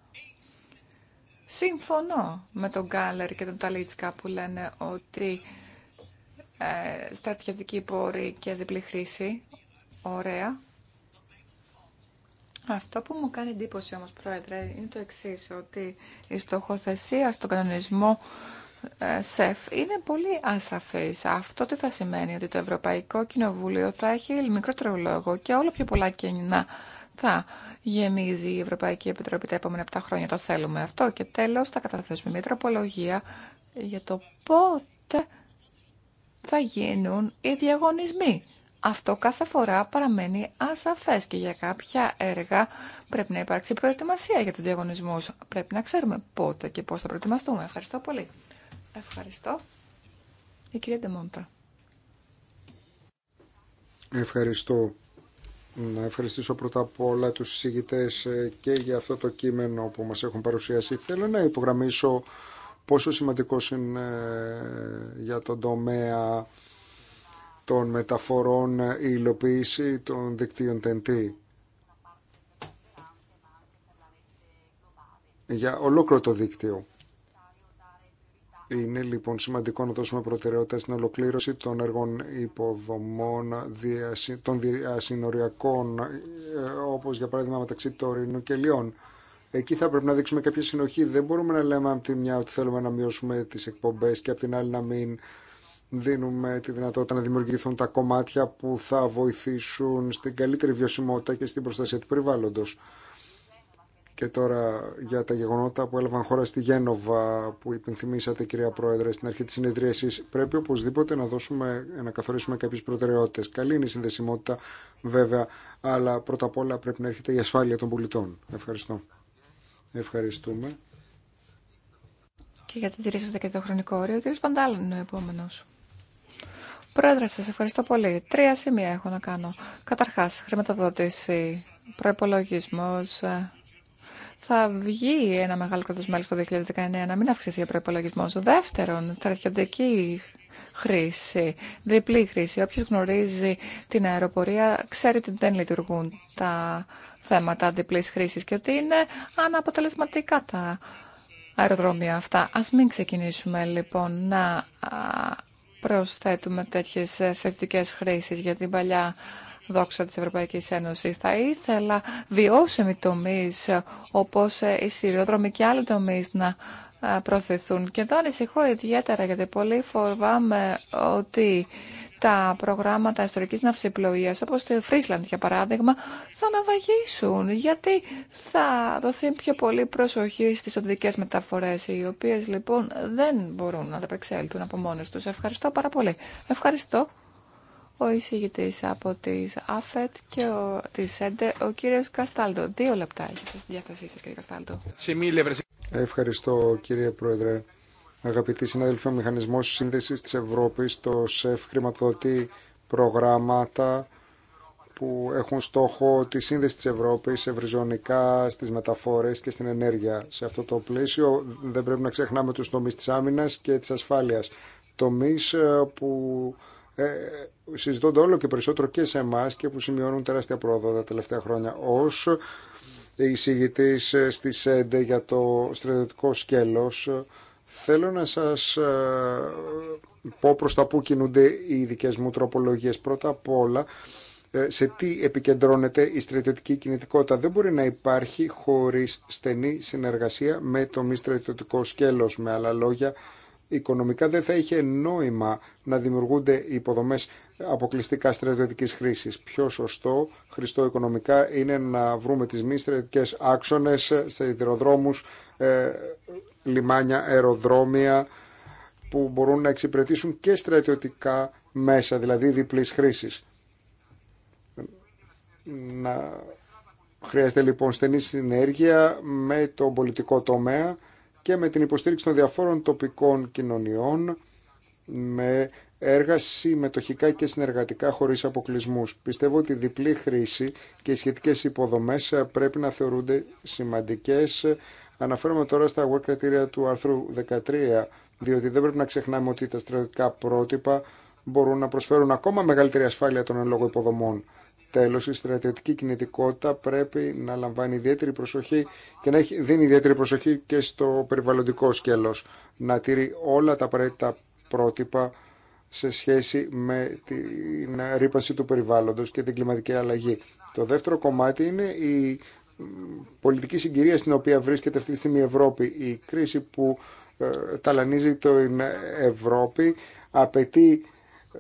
Συμφωνώ με τον Γκάλερ και τον Ταλίτσκα που λένε ότι ε, στρατιωτική πόρη και διπλή χρήση. Ωραία. Αυτό που μου κάνει εντύπωση όμως, Πρόεδρε, είναι το εξής, ότι η στοχοθεσία στον κανονισμό ε, ΣΕΦ είναι πολύ ασαφέ. Αυτό τι θα σημαίνει, ότι το Ευρωπαϊκό Κοινοβούλιο θα έχει μικρότερο λόγο και όλο πιο πολλά κενά θα γεμίζει η Ευρωπαϊκή Επιτροπή τα επόμενα 7 χρόνια. Το θέλουμε αυτό. Και τέλος θα καταθέσουμε μια τροπολογία για το πότε θα γίνουν οι διαγωνισμοί. Αυτό κάθε φορά παραμένει ασαφές και για κάποια έργα πρέπει να υπάρξει προετοιμασία για τους διαγωνισμούς. Πρέπει να ξέρουμε πότε και πώς θα προετοιμαστούμε. Ευχαριστώ πολύ. Ευχαριστώ. Η κυρία Ντεμόντα. Ευχαριστώ. Να ευχαριστήσω πρώτα απ' όλα τους συζητητές ε, και για αυτό το κείμενο που μας έχουν παρουσιάσει. Θέλω να υπογραμμίσω πόσο σημαντικός είναι ε, για τον τομέα των μεταφορών ε, η υλοποίηση των δικτύων TNT. Για ολόκληρο το δίκτυο. Είναι λοιπόν σημαντικό να δώσουμε προτεραιότητα στην ολοκλήρωση των έργων υποδομών των διασυνοριακών, ε, όπως για παράδειγμα μεταξύ Τωρίνου και Λιών. Εκεί θα πρέπει να δείξουμε κάποια συνοχή. Δεν μπορούμε να λέμε από τη μια ότι θέλουμε να μειώσουμε τις εκπομπές και από την άλλη να μην δίνουμε τη δυνατότητα να δημιουργηθούν τα κομμάτια που θα βοηθήσουν στην καλύτερη βιωσιμότητα και στην προστασία του περιβάλλοντος. Και τώρα για τα γεγονότα που έλαβαν χώρα στη Γένοβα που υπενθυμίσατε κυρία Πρόεδρε στην αρχή της συνεδρίασης πρέπει οπωσδήποτε να, δώσουμε, να καθορίσουμε κάποιες προτεραιότητες. Καλή είναι η συνδεσιμότητα βέβαια αλλά πρώτα απ' όλα πρέπει να έρχεται η ασφάλεια των πολιτών. Ευχαριστώ. Ευχαριστούμε. Και γιατί τηρήσατε και το χρονικό όριο. Ο κύριος Βαντάλ είναι ο επόμενος. Πρόεδρε, σας ευχαριστώ πολύ. Τρία σημεία έχω να κάνω. Καταρχά χρηματοδότηση, προπολογισμό θα βγει ένα μεγάλο κράτο μέλο το 2019 να μην αυξηθεί ο προπολογισμό. Δεύτερον, στρατιωτική χρήση, διπλή χρήση. Όποιο γνωρίζει την αεροπορία ξέρει ότι δεν λειτουργούν τα θέματα διπλή χρήση και ότι είναι αναποτελεσματικά τα αεροδρόμια αυτά. Ας μην ξεκινήσουμε λοιπόν να προσθέτουμε τέτοιες θετικές χρήσεις για την παλιά δόξα της Ευρωπαϊκής Ένωσης. Θα ήθελα βιώσιμοι τομείς όπως ε, οι σιδηρόδρομοι και άλλοι τομείς να ε, προθεθούν. Και εδώ ανησυχώ ιδιαίτερα γιατί πολύ φοβάμαι ότι τα προγράμματα ιστορικής ναυσιπλοείας όπως το Φρίσλαντ για παράδειγμα θα αναβαγίσουν γιατί θα δοθεί πιο πολύ προσοχή στις οδικές μεταφορές οι οποίες λοιπόν δεν μπορούν να τα από μόνες τους. Ευχαριστώ πάρα πολύ. Ευχαριστώ ο εισηγητής από τις ΑΦΕΤ και ο, της ΕΝΤΕ, ο κύριος Καστάλτο. Δύο λεπτά έχετε στη διάθεσή σας, κύριε Καστάλτο. Ευχαριστώ, κύριε Πρόεδρε. Αγαπητοί συνάδελφοι, ο Μηχανισμός Σύνδεσης της Ευρώπης, το ΣΕΦ, χρηματοδοτεί προγράμματα που έχουν στόχο τη σύνδεση της Ευρώπης ευρυζωνικά στις μεταφορές και στην ενέργεια. Σε αυτό το πλαίσιο δεν πρέπει να ξεχνάμε τους τομείς της άμυνας και της ασφάλειας. Τομείς ε, που ε, συζητώνται όλο και περισσότερο και σε εμά και που σημειώνουν τεράστια πρόοδο τα τελευταία χρόνια. Ω εισηγητή ε, στη ΣΕΝΤΕ για το στρατιωτικό σκέλο, ε, θέλω να σα πω προ τα που κινούνται οι δικέ μου τροπολογίε. Πρώτα απ' όλα, σε τι επικεντρώνεται η στρατιωτική κινητικότητα. Δεν μπορεί να υπάρχει χωρίς στενή συνεργασία με το μη στρατιωτικό σκέλος. Με άλλα λόγια, οικονομικά δεν θα είχε νόημα να δημιουργούνται υποδομές αποκλειστικά στρατιωτικής χρήσης. Πιο σωστό, χρηστό οικονομικά, είναι να βρούμε τις μη στρατιωτικές άξονες, σε ε, λιμάνια, αεροδρόμια, που μπορούν να εξυπηρετήσουν και στρατιωτικά μέσα, δηλαδή διπλής χρήσης. Να... Χρειάζεται λοιπόν στενή συνέργεια με τον πολιτικό τομέα και με την υποστήριξη των διαφόρων τοπικών κοινωνιών με έργα συμμετοχικά και συνεργατικά χωρίς αποκλεισμούς. Πιστεύω ότι η διπλή χρήση και οι σχετικές υποδομές πρέπει να θεωρούνται σημαντικές. Αναφέρομαι τώρα στα work criteria του άρθρου 13, διότι δεν πρέπει να ξεχνάμε ότι τα στρατιωτικά πρότυπα μπορούν να προσφέρουν ακόμα μεγαλύτερη ασφάλεια των εν λόγω υποδομών. Τέλος, η στρατιωτική κινητικότητα πρέπει να λαμβάνει ιδιαίτερη προσοχή και να έχει, δίνει ιδιαίτερη προσοχή και στο περιβαλλοντικό σκέλος, να τηρεί όλα τα απαραίτητα πρότυπα σε σχέση με την ρήπανση του περιβάλλοντος και την κλιματική αλλαγή. Το δεύτερο κομμάτι είναι η πολιτική συγκυρία στην οποία βρίσκεται αυτή τη στιγμή η Ευρώπη. Η κρίση που ε, ταλανίζει την Ευρώπη απαιτεί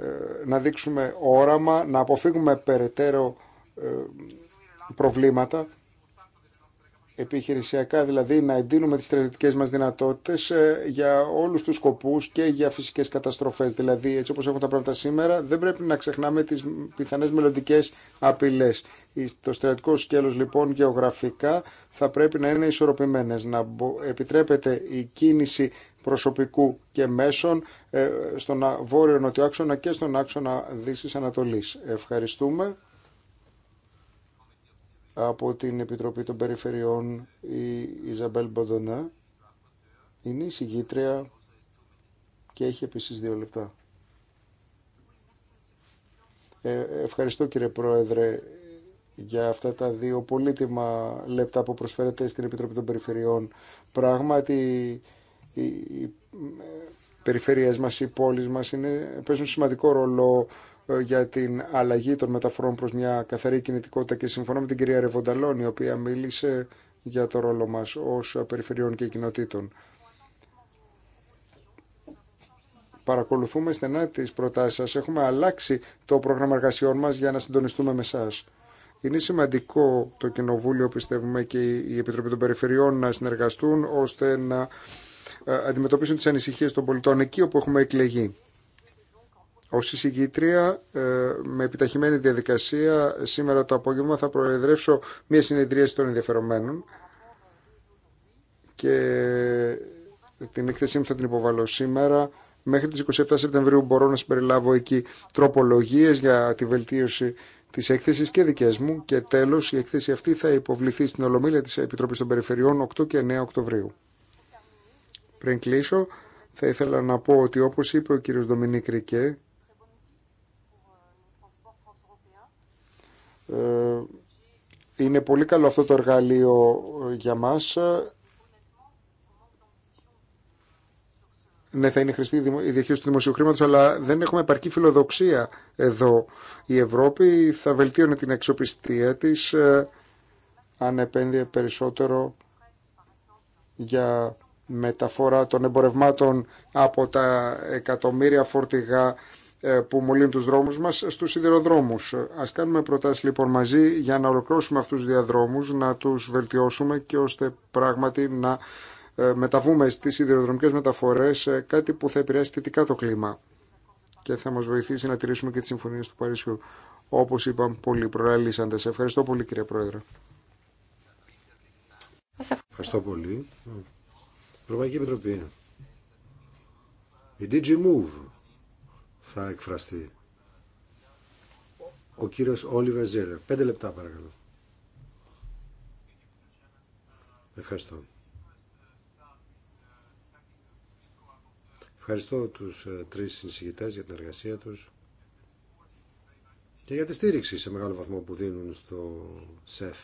ε, να δείξουμε όραμα, να αποφύγουμε περαιτέρω ε, προβλήματα επιχειρησιακά, δηλαδή να εντείνουμε τις στρατιωτικές μας δυνατότητες ε, για όλους τους σκοπούς και για φυσικές καταστροφές. Δηλαδή, έτσι όπως έχουν τα πράγματα σήμερα, δεν πρέπει να ξεχνάμε τις πιθανές μελλοντικέ απειλές. Το στρατιωτικό σκέλος, λοιπόν, γεωγραφικά θα πρέπει να είναι ισορροπημένες, να επιτρέπεται η κίνηση προσωπικού και μέσων ε, στον βόρειο νότιο άξονα και στον άξονα Δύσης Ανατολής. Ευχαριστούμε. Από την Επιτροπή των Περιφερειών η Ιζαμπέλ Μποδονέ. είναι η συγγήτρια και έχει επίσης δύο λεπτά. Ε, ευχαριστώ κύριε Πρόεδρε για αυτά τα δύο πολύτιμα λεπτά που προσφέρετε στην Επιτροπή των Περιφερειών. Πράγματι οι περιφέρειές μας, οι πόλεις μας είναι, παίζουν σημαντικό ρόλο ε, για την αλλαγή των μεταφορών προς μια καθαρή κινητικότητα και συμφωνώ με την κυρία Ρεβονταλόν η οποία μίλησε για το ρόλο μας ως περιφερειών και κοινοτήτων. Παρακολουθούμε στενά τις προτάσεις σας. Έχουμε αλλάξει το πρόγραμμα εργασιών μας για να συντονιστούμε με εσά. Είναι σημαντικό το Κοινοβούλιο, πιστεύουμε, και η Επιτροπή των Περιφερειών να συνεργαστούν ώστε να ε, αντιμετωπίσουν τις ανησυχίες των πολιτών εκεί όπου έχουμε εκλεγεί. Ω εισηγήτρια, ε, με επιταχυμένη διαδικασία, σήμερα το απόγευμα θα προεδρεύσω μια συνεδρίαση των ενδιαφερομένων και την εκθεσή μου θα την υποβάλω σήμερα. Μέχρι τις 27 Σεπτεμβρίου μπορώ να συμπεριλάβω εκεί τροπολογίες για τη βελτίωση της έκθεσης και δικές μου και τέλος η έκθεση αυτή θα υποβληθεί στην Ολομήλεια της Επιτροπής των Περιφερειών 8 και 9 Οκτωβρίου. Πριν κλείσω, θα ήθελα να πω ότι όπως είπε ο κύριος Ντομινίκ Ρικέ, ε, είναι πολύ καλό αυτό το εργαλείο ε, για μας. Ναι, θα είναι χρηστή η διαχείριση του δημοσίου χρήματος, αλλά δεν έχουμε επαρκή φιλοδοξία εδώ. Η Ευρώπη θα βελτίωνε την αξιοπιστία της ε, αν επένδυε περισσότερο για μεταφορά των εμπορευμάτων από τα εκατομμύρια φορτηγά ε, που μολύνουν τους δρόμους μας στους σιδηροδρόμους. Ας κάνουμε προτάσεις λοιπόν μαζί για να ολοκληρώσουμε αυτούς τους διαδρόμους, να τους βελτιώσουμε και ώστε πράγματι να ε, μεταβούμε στις σιδηροδρομικές μεταφορές ε, κάτι που θα επηρεάσει θετικά το κλίμα και θα μας βοηθήσει να τηρήσουμε και τις συμφωνίες του Παρίσιου όπως είπαν πολύ προαλήσαντες. Ευχαριστώ πολύ κύριε Πρόεδρε. Ευχαριστώ πολύ. Ευρωπαϊκή Επιτροπή. Η DG Move θα εκφραστεί. Ο κύριος Όλιβερ Ζέλερ. Πέντε λεπτά παρακαλώ. Ευχαριστώ. Ευχαριστώ τους ε, τρεις συνσηγητές για την εργασία τους και για τη στήριξη σε μεγάλο βαθμό που δίνουν στο ΣΕΦ.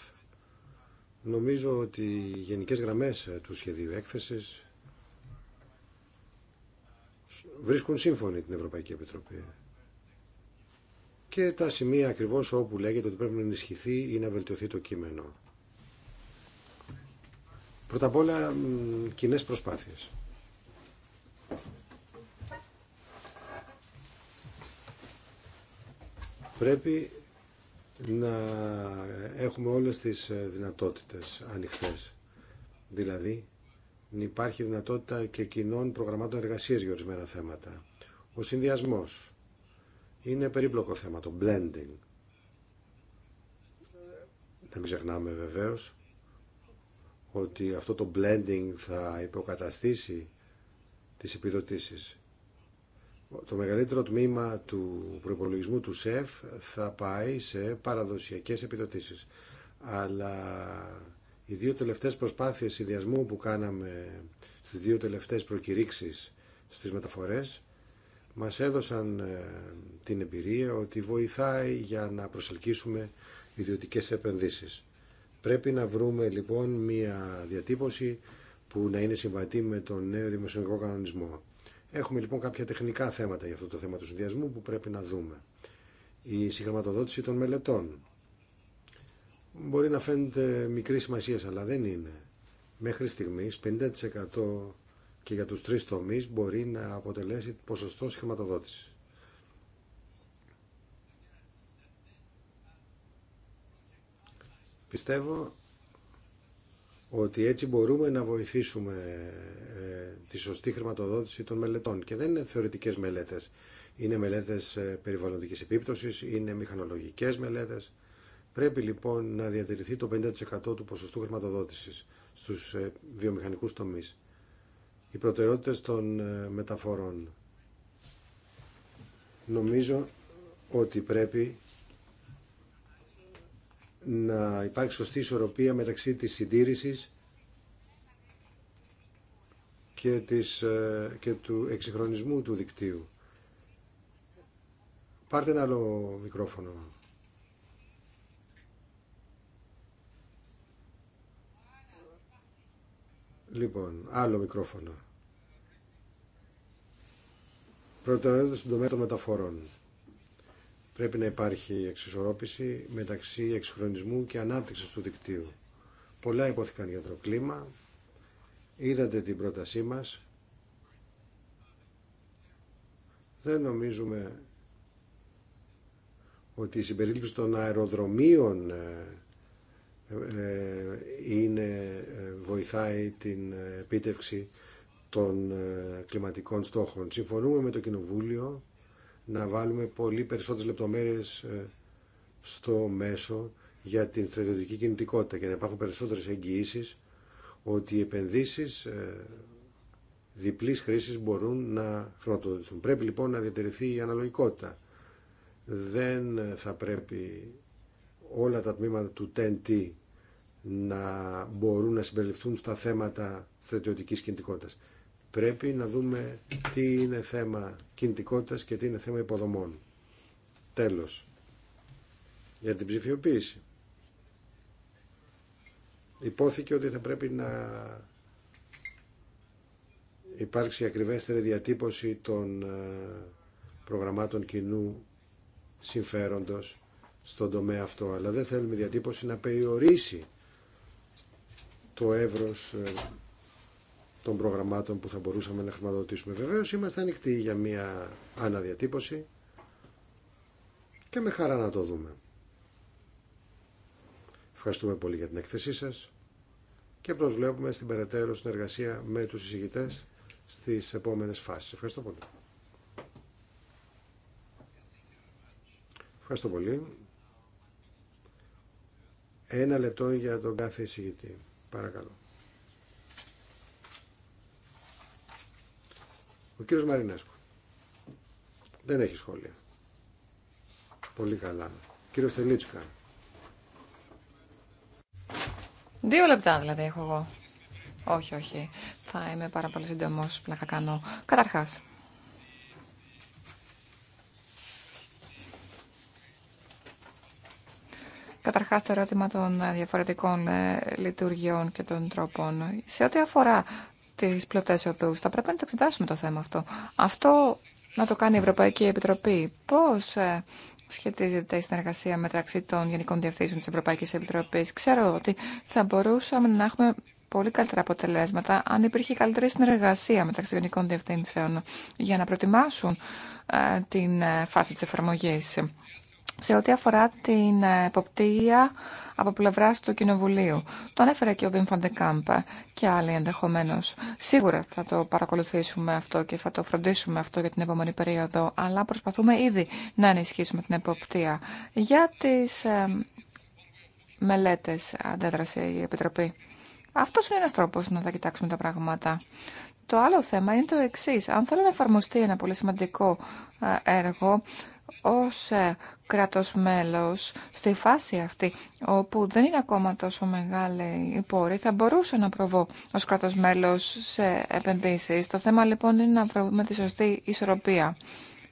Νομίζω ότι οι γενικές γραμμές ε, του σχεδίου έκθεσης βρίσκουν σύμφωνη την Ευρωπαϊκή Επιτροπή. Και τα σημεία ακριβώς όπου λέγεται ότι πρέπει να ενισχυθεί ή να βελτιωθεί το κείμενο. Πρώτα απ' όλα κοινέ προσπάθειες. Πρέπει να έχουμε όλες τις ε, δυνατότητες ανοιχτές. Δηλαδή, υπάρχει δυνατότητα και κοινών προγραμμάτων εργασίας για ορισμένα θέματα. Ο συνδυασμός είναι περίπλοκο θέμα, το blending. Δεν μην ξεχνάμε βεβαίως ότι αυτό το blending θα υποκαταστήσει τις επιδοτήσεις το μεγαλύτερο τμήμα του προπολογισμού του ΣΕΦ θα πάει σε παραδοσιακές επιδοτήσεις. Αλλά οι δύο τελευταίες προσπάθειες συνδυασμού που κάναμε στις δύο τελευταίες προκηρύξεις στις μεταφορές μας έδωσαν ε, την εμπειρία ότι βοηθάει για να προσελκύσουμε ιδιωτικές επενδύσεις. Πρέπει να βρούμε λοιπόν μια διατύπωση που να είναι συμβατή με τον νέο δημοσιονομικό κανονισμό. Έχουμε λοιπόν κάποια τεχνικά θέματα για αυτό το θέμα του συνδυασμού που πρέπει να δούμε. Η συγχρηματοδότηση των μελετών. Μπορεί να φαίνεται μικρή σημασία, αλλά δεν είναι. Μέχρι στιγμή 50% και για τους τρει τομεί μπορεί να αποτελέσει ποσοστό συγχρηματοδότηση. Πιστεύω ότι έτσι μπορούμε να βοηθήσουμε ε, τη σωστή χρηματοδότηση των μελετών. Και δεν είναι θεωρητικές μελέτες. Είναι μελέτες ε, περιβαλλοντικής επίπτωσης, είναι μηχανολογικές μελέτες. Πρέπει λοιπόν να διατηρηθεί το 50% του ποσοστού χρηματοδότησης στους ε, βιομηχανικούς τομείς. Οι προτεραιότητες των μεταφορών. Νομίζω ότι πρέπει να υπάρχει σωστή ισορροπία μεταξύ της συντήρησης και, της, ε, του εξυγχρονισμού του δικτύου. Πάρτε ένα άλλο μικρόφωνο. Λοιπόν, άλλο μικρόφωνο. Προτεραιότητα στον τομέα των μεταφορών. Πρέπει να υπάρχει εξισορρόπηση μεταξύ εξυγχρονισμού και ανάπτυξης του δικτύου. Πολλά υπόθηκαν για το κλίμα. Είδατε την πρότασή μας. Δεν νομίζουμε ότι η συμπερίληψη των αεροδρομίων ε, ε, είναι, ε, βοηθάει την επίτευξη των κλιματικών στόχων. Συμφωνούμε με το Κοινοβούλιο να βάλουμε πολύ περισσότερες λεπτομέρειες ε, στο μέσο για την στρατιωτική κινητικότητα και να υπάρχουν περισσότερες εγγυήσεις ότι οι επενδύσεις ε, διπλής χρήσης μπορούν να χρηματοδοτηθούν. Πρέπει λοιπόν να διατηρηθεί η αναλογικότητα. Δεν ε, θα πρέπει όλα τα τμήματα του TNT να μπορούν να συμπεριληφθούν στα θέματα στρατιωτικής κινητικότητας. Πρέπει να δούμε τι είναι θέμα κινητικότητας και τι είναι θέμα υποδομών. Τέλος, για την ψηφιοποίηση. Υπόθηκε ότι θα πρέπει να υπάρξει ακριβέστερη διατύπωση των ε, προγραμμάτων κοινού συμφέροντος στον τομέα αυτό. Αλλά δεν θέλουμε διατύπωση να περιορίσει το εύρος ε, των προγραμμάτων που θα μπορούσαμε να χρηματοδοτήσουμε. Βεβαίως είμαστε ανοιχτοί για μια αναδιατύπωση και με χαρά να το δούμε. Ευχαριστούμε πολύ για την έκθεσή σας και προσβλέπουμε στην περαιτέρω συνεργασία με τους εισηγητές στις επόμενες φάσεις. Ευχαριστώ πολύ. Ευχαριστώ πολύ. Ένα λεπτό για τον κάθε εισηγητή. Παρακαλώ. Ο κύριος Μαρινέσκου. Δεν έχει σχόλια. Πολύ καλά. Κύριο Τελίτσκα. Δύο λεπτά δηλαδή έχω εγώ. Όχι, όχι. Θα είμαι πάρα πολύ σύντομο να κάνω. Καταρχά. Καταρχά το ερώτημα των διαφορετικών ε, λειτουργιών και των τρόπων. Σε ό,τι αφορά τη πλωτέ οδού. Θα πρέπει να το εξετάσουμε το θέμα αυτό. Αυτό να το κάνει η Ευρωπαϊκή Επιτροπή. Πώς ε, σχετίζεται η συνεργασία μεταξύ των Γενικών Διευθύνσεων τη Ευρωπαϊκή Επιτροπή; Ξέρω ότι θα μπορούσαμε να έχουμε πολύ καλύτερα αποτελέσματα αν υπήρχε καλύτερη συνεργασία μεταξύ των Γενικών Διευθύνσεων για να προετοιμάσουν ε, την ε, φάση τη εφαρμογή σε ό,τι αφορά την εποπτεία από πλευρά του Κοινοβουλίου. Το ανέφερε και ο Βιμ και άλλοι ενδεχομένω. Σίγουρα θα το παρακολουθήσουμε αυτό και θα το φροντίσουμε αυτό για την επόμενη περίοδο, αλλά προσπαθούμε ήδη να ενισχύσουμε την εποπτεία. Για τι ε, μελέτε, αντέδρασε η Επιτροπή. Αυτό είναι ένα τρόπο να τα κοιτάξουμε τα πράγματα. Το άλλο θέμα είναι το εξή. Αν θέλω να εφαρμοστεί ένα πολύ σημαντικό ε, έργο, ως ε, κράτος μέλος στη φάση αυτή όπου δεν είναι ακόμα τόσο μεγάλη η πόρη θα μπορούσε να προβώ ως κράτος μέλος σε επενδύσεις. Το θέμα λοιπόν είναι να βρούμε τη σωστή ισορροπία.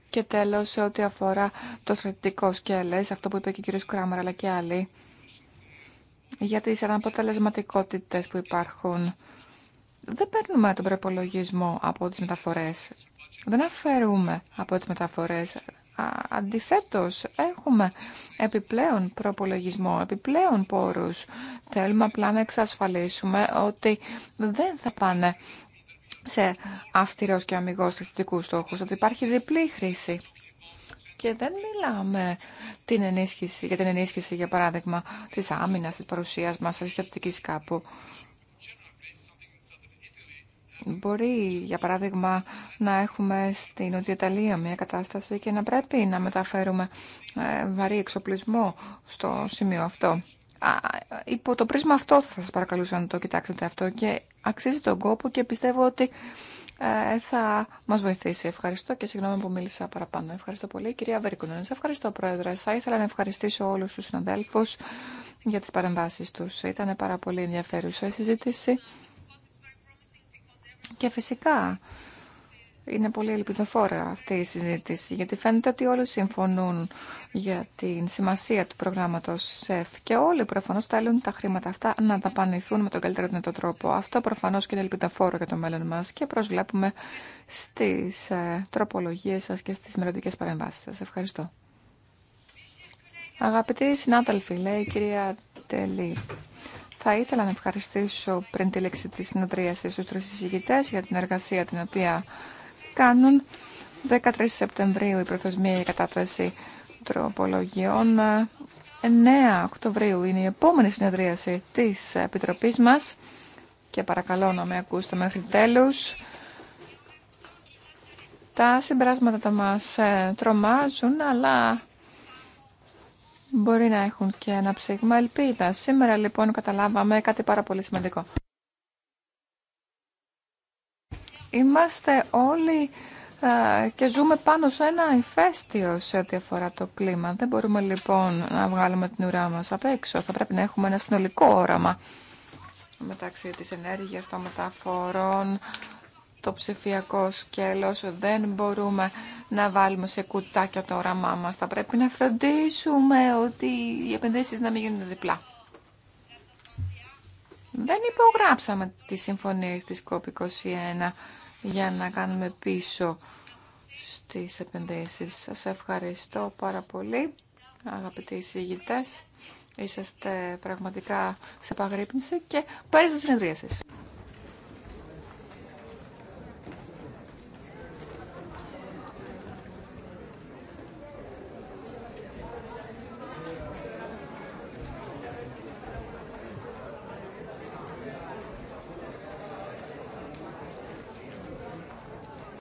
Και τέλος σε ό,τι αφορά το στρατητικό σκέλες, αυτό που είπε και ο κ. Κράμερ αλλά και άλλοι, για τις αναποτελεσματικότητες που υπάρχουν. Δεν παίρνουμε τον προπολογισμό από τις μεταφορές. Δεν αφαιρούμε από τις μεταφορές Αντιθέτως, έχουμε επιπλέον προπολογισμό, επιπλέον πόρους. Θέλουμε απλά να εξασφαλίσουμε ότι δεν θα πάνε σε αυστηρός και αμυγός στρατιωτικούς στόχους, ότι υπάρχει διπλή χρήση. Και δεν μιλάμε την ενίσχυση, για την ενίσχυση, για παράδειγμα, της άμυνας, της παρουσίας μας, της κάπου. Μπορεί, για παράδειγμα, να έχουμε στην Νότια μια κατάσταση και να πρέπει να μεταφέρουμε ε, βαρύ εξοπλισμό στο σημείο αυτό. Α, υπό το πρίσμα αυτό θα σας παρακαλούσα να το κοιτάξετε αυτό και αξίζει τον κόπο και πιστεύω ότι ε, θα μας βοηθήσει. Ευχαριστώ και συγγνώμη που μίλησα παραπάνω. Ευχαριστώ πολύ. Κυρία Βερικονένα, ευχαριστώ Πρόεδρε. Θα ήθελα να ευχαριστήσω όλους τους συναδέλφους για τις παρεμβάσεις τους. Ήταν πάρα πολύ ενδιαφέρουσα η συζήτηση. Και φυσικά είναι πολύ ελπιδοφόρα αυτή η συζήτηση, γιατί φαίνεται ότι όλοι συμφωνούν για την σημασία του προγράμματος ΣΕΦ και όλοι προφανώς θέλουν τα χρήματα αυτά να δαπανηθούν με τον καλύτερο δυνατό τρόπο. Αυτό προφανώς και είναι ελπιδοφόρο για το μέλλον μας και προσβλέπουμε στις ε, τροπολογίες σας και στις μελλοντικέ παρεμβάσεις σας. Ευχαριστώ. Αγαπητοί συνάδελφοι, λέει η κυρία Τελή, θα ήθελα να ευχαριστήσω πριν τη λήξη της συνεδρίασης τους τρεις συζητητές για την εργασία την οποία κάνουν. 13 Σεπτεμβρίου η προθεσμία για κατάθεση τροπολογιών. 9 Οκτωβρίου είναι η επόμενη συνεδρίαση της Επιτροπής μας και παρακαλώ να με ακούσετε μέχρι τέλους. Τα συμπεράσματα τα μας ε, τρομάζουν, αλλά μπορεί να έχουν και ένα ψήγμα ελπίδα. Σήμερα λοιπόν καταλάβαμε κάτι πάρα πολύ σημαντικό. Είμαστε όλοι και ζούμε πάνω σε ένα ηφαίστειο σε ό,τι αφορά το κλίμα. Δεν μπορούμε λοιπόν να βγάλουμε την ουρά μας απ' έξω. Θα πρέπει να έχουμε ένα συνολικό όραμα μεταξύ της ενέργειας, των μεταφορών, το ψηφιακό σκέλος δεν μπορούμε να βάλουμε σε κουτάκια το όραμά μας. Θα πρέπει να φροντίσουμε ότι οι επενδύσεις να μην γίνονται διπλά. Δεν υπογράψαμε τη συμφωνία της COP21 για να κάνουμε πίσω στις επενδύσεις. Σας ευχαριστώ πάρα πολύ, αγαπητοί εισηγητές. Είσαστε πραγματικά σε επαγρύπνηση και πέρυσι τη συνεδρία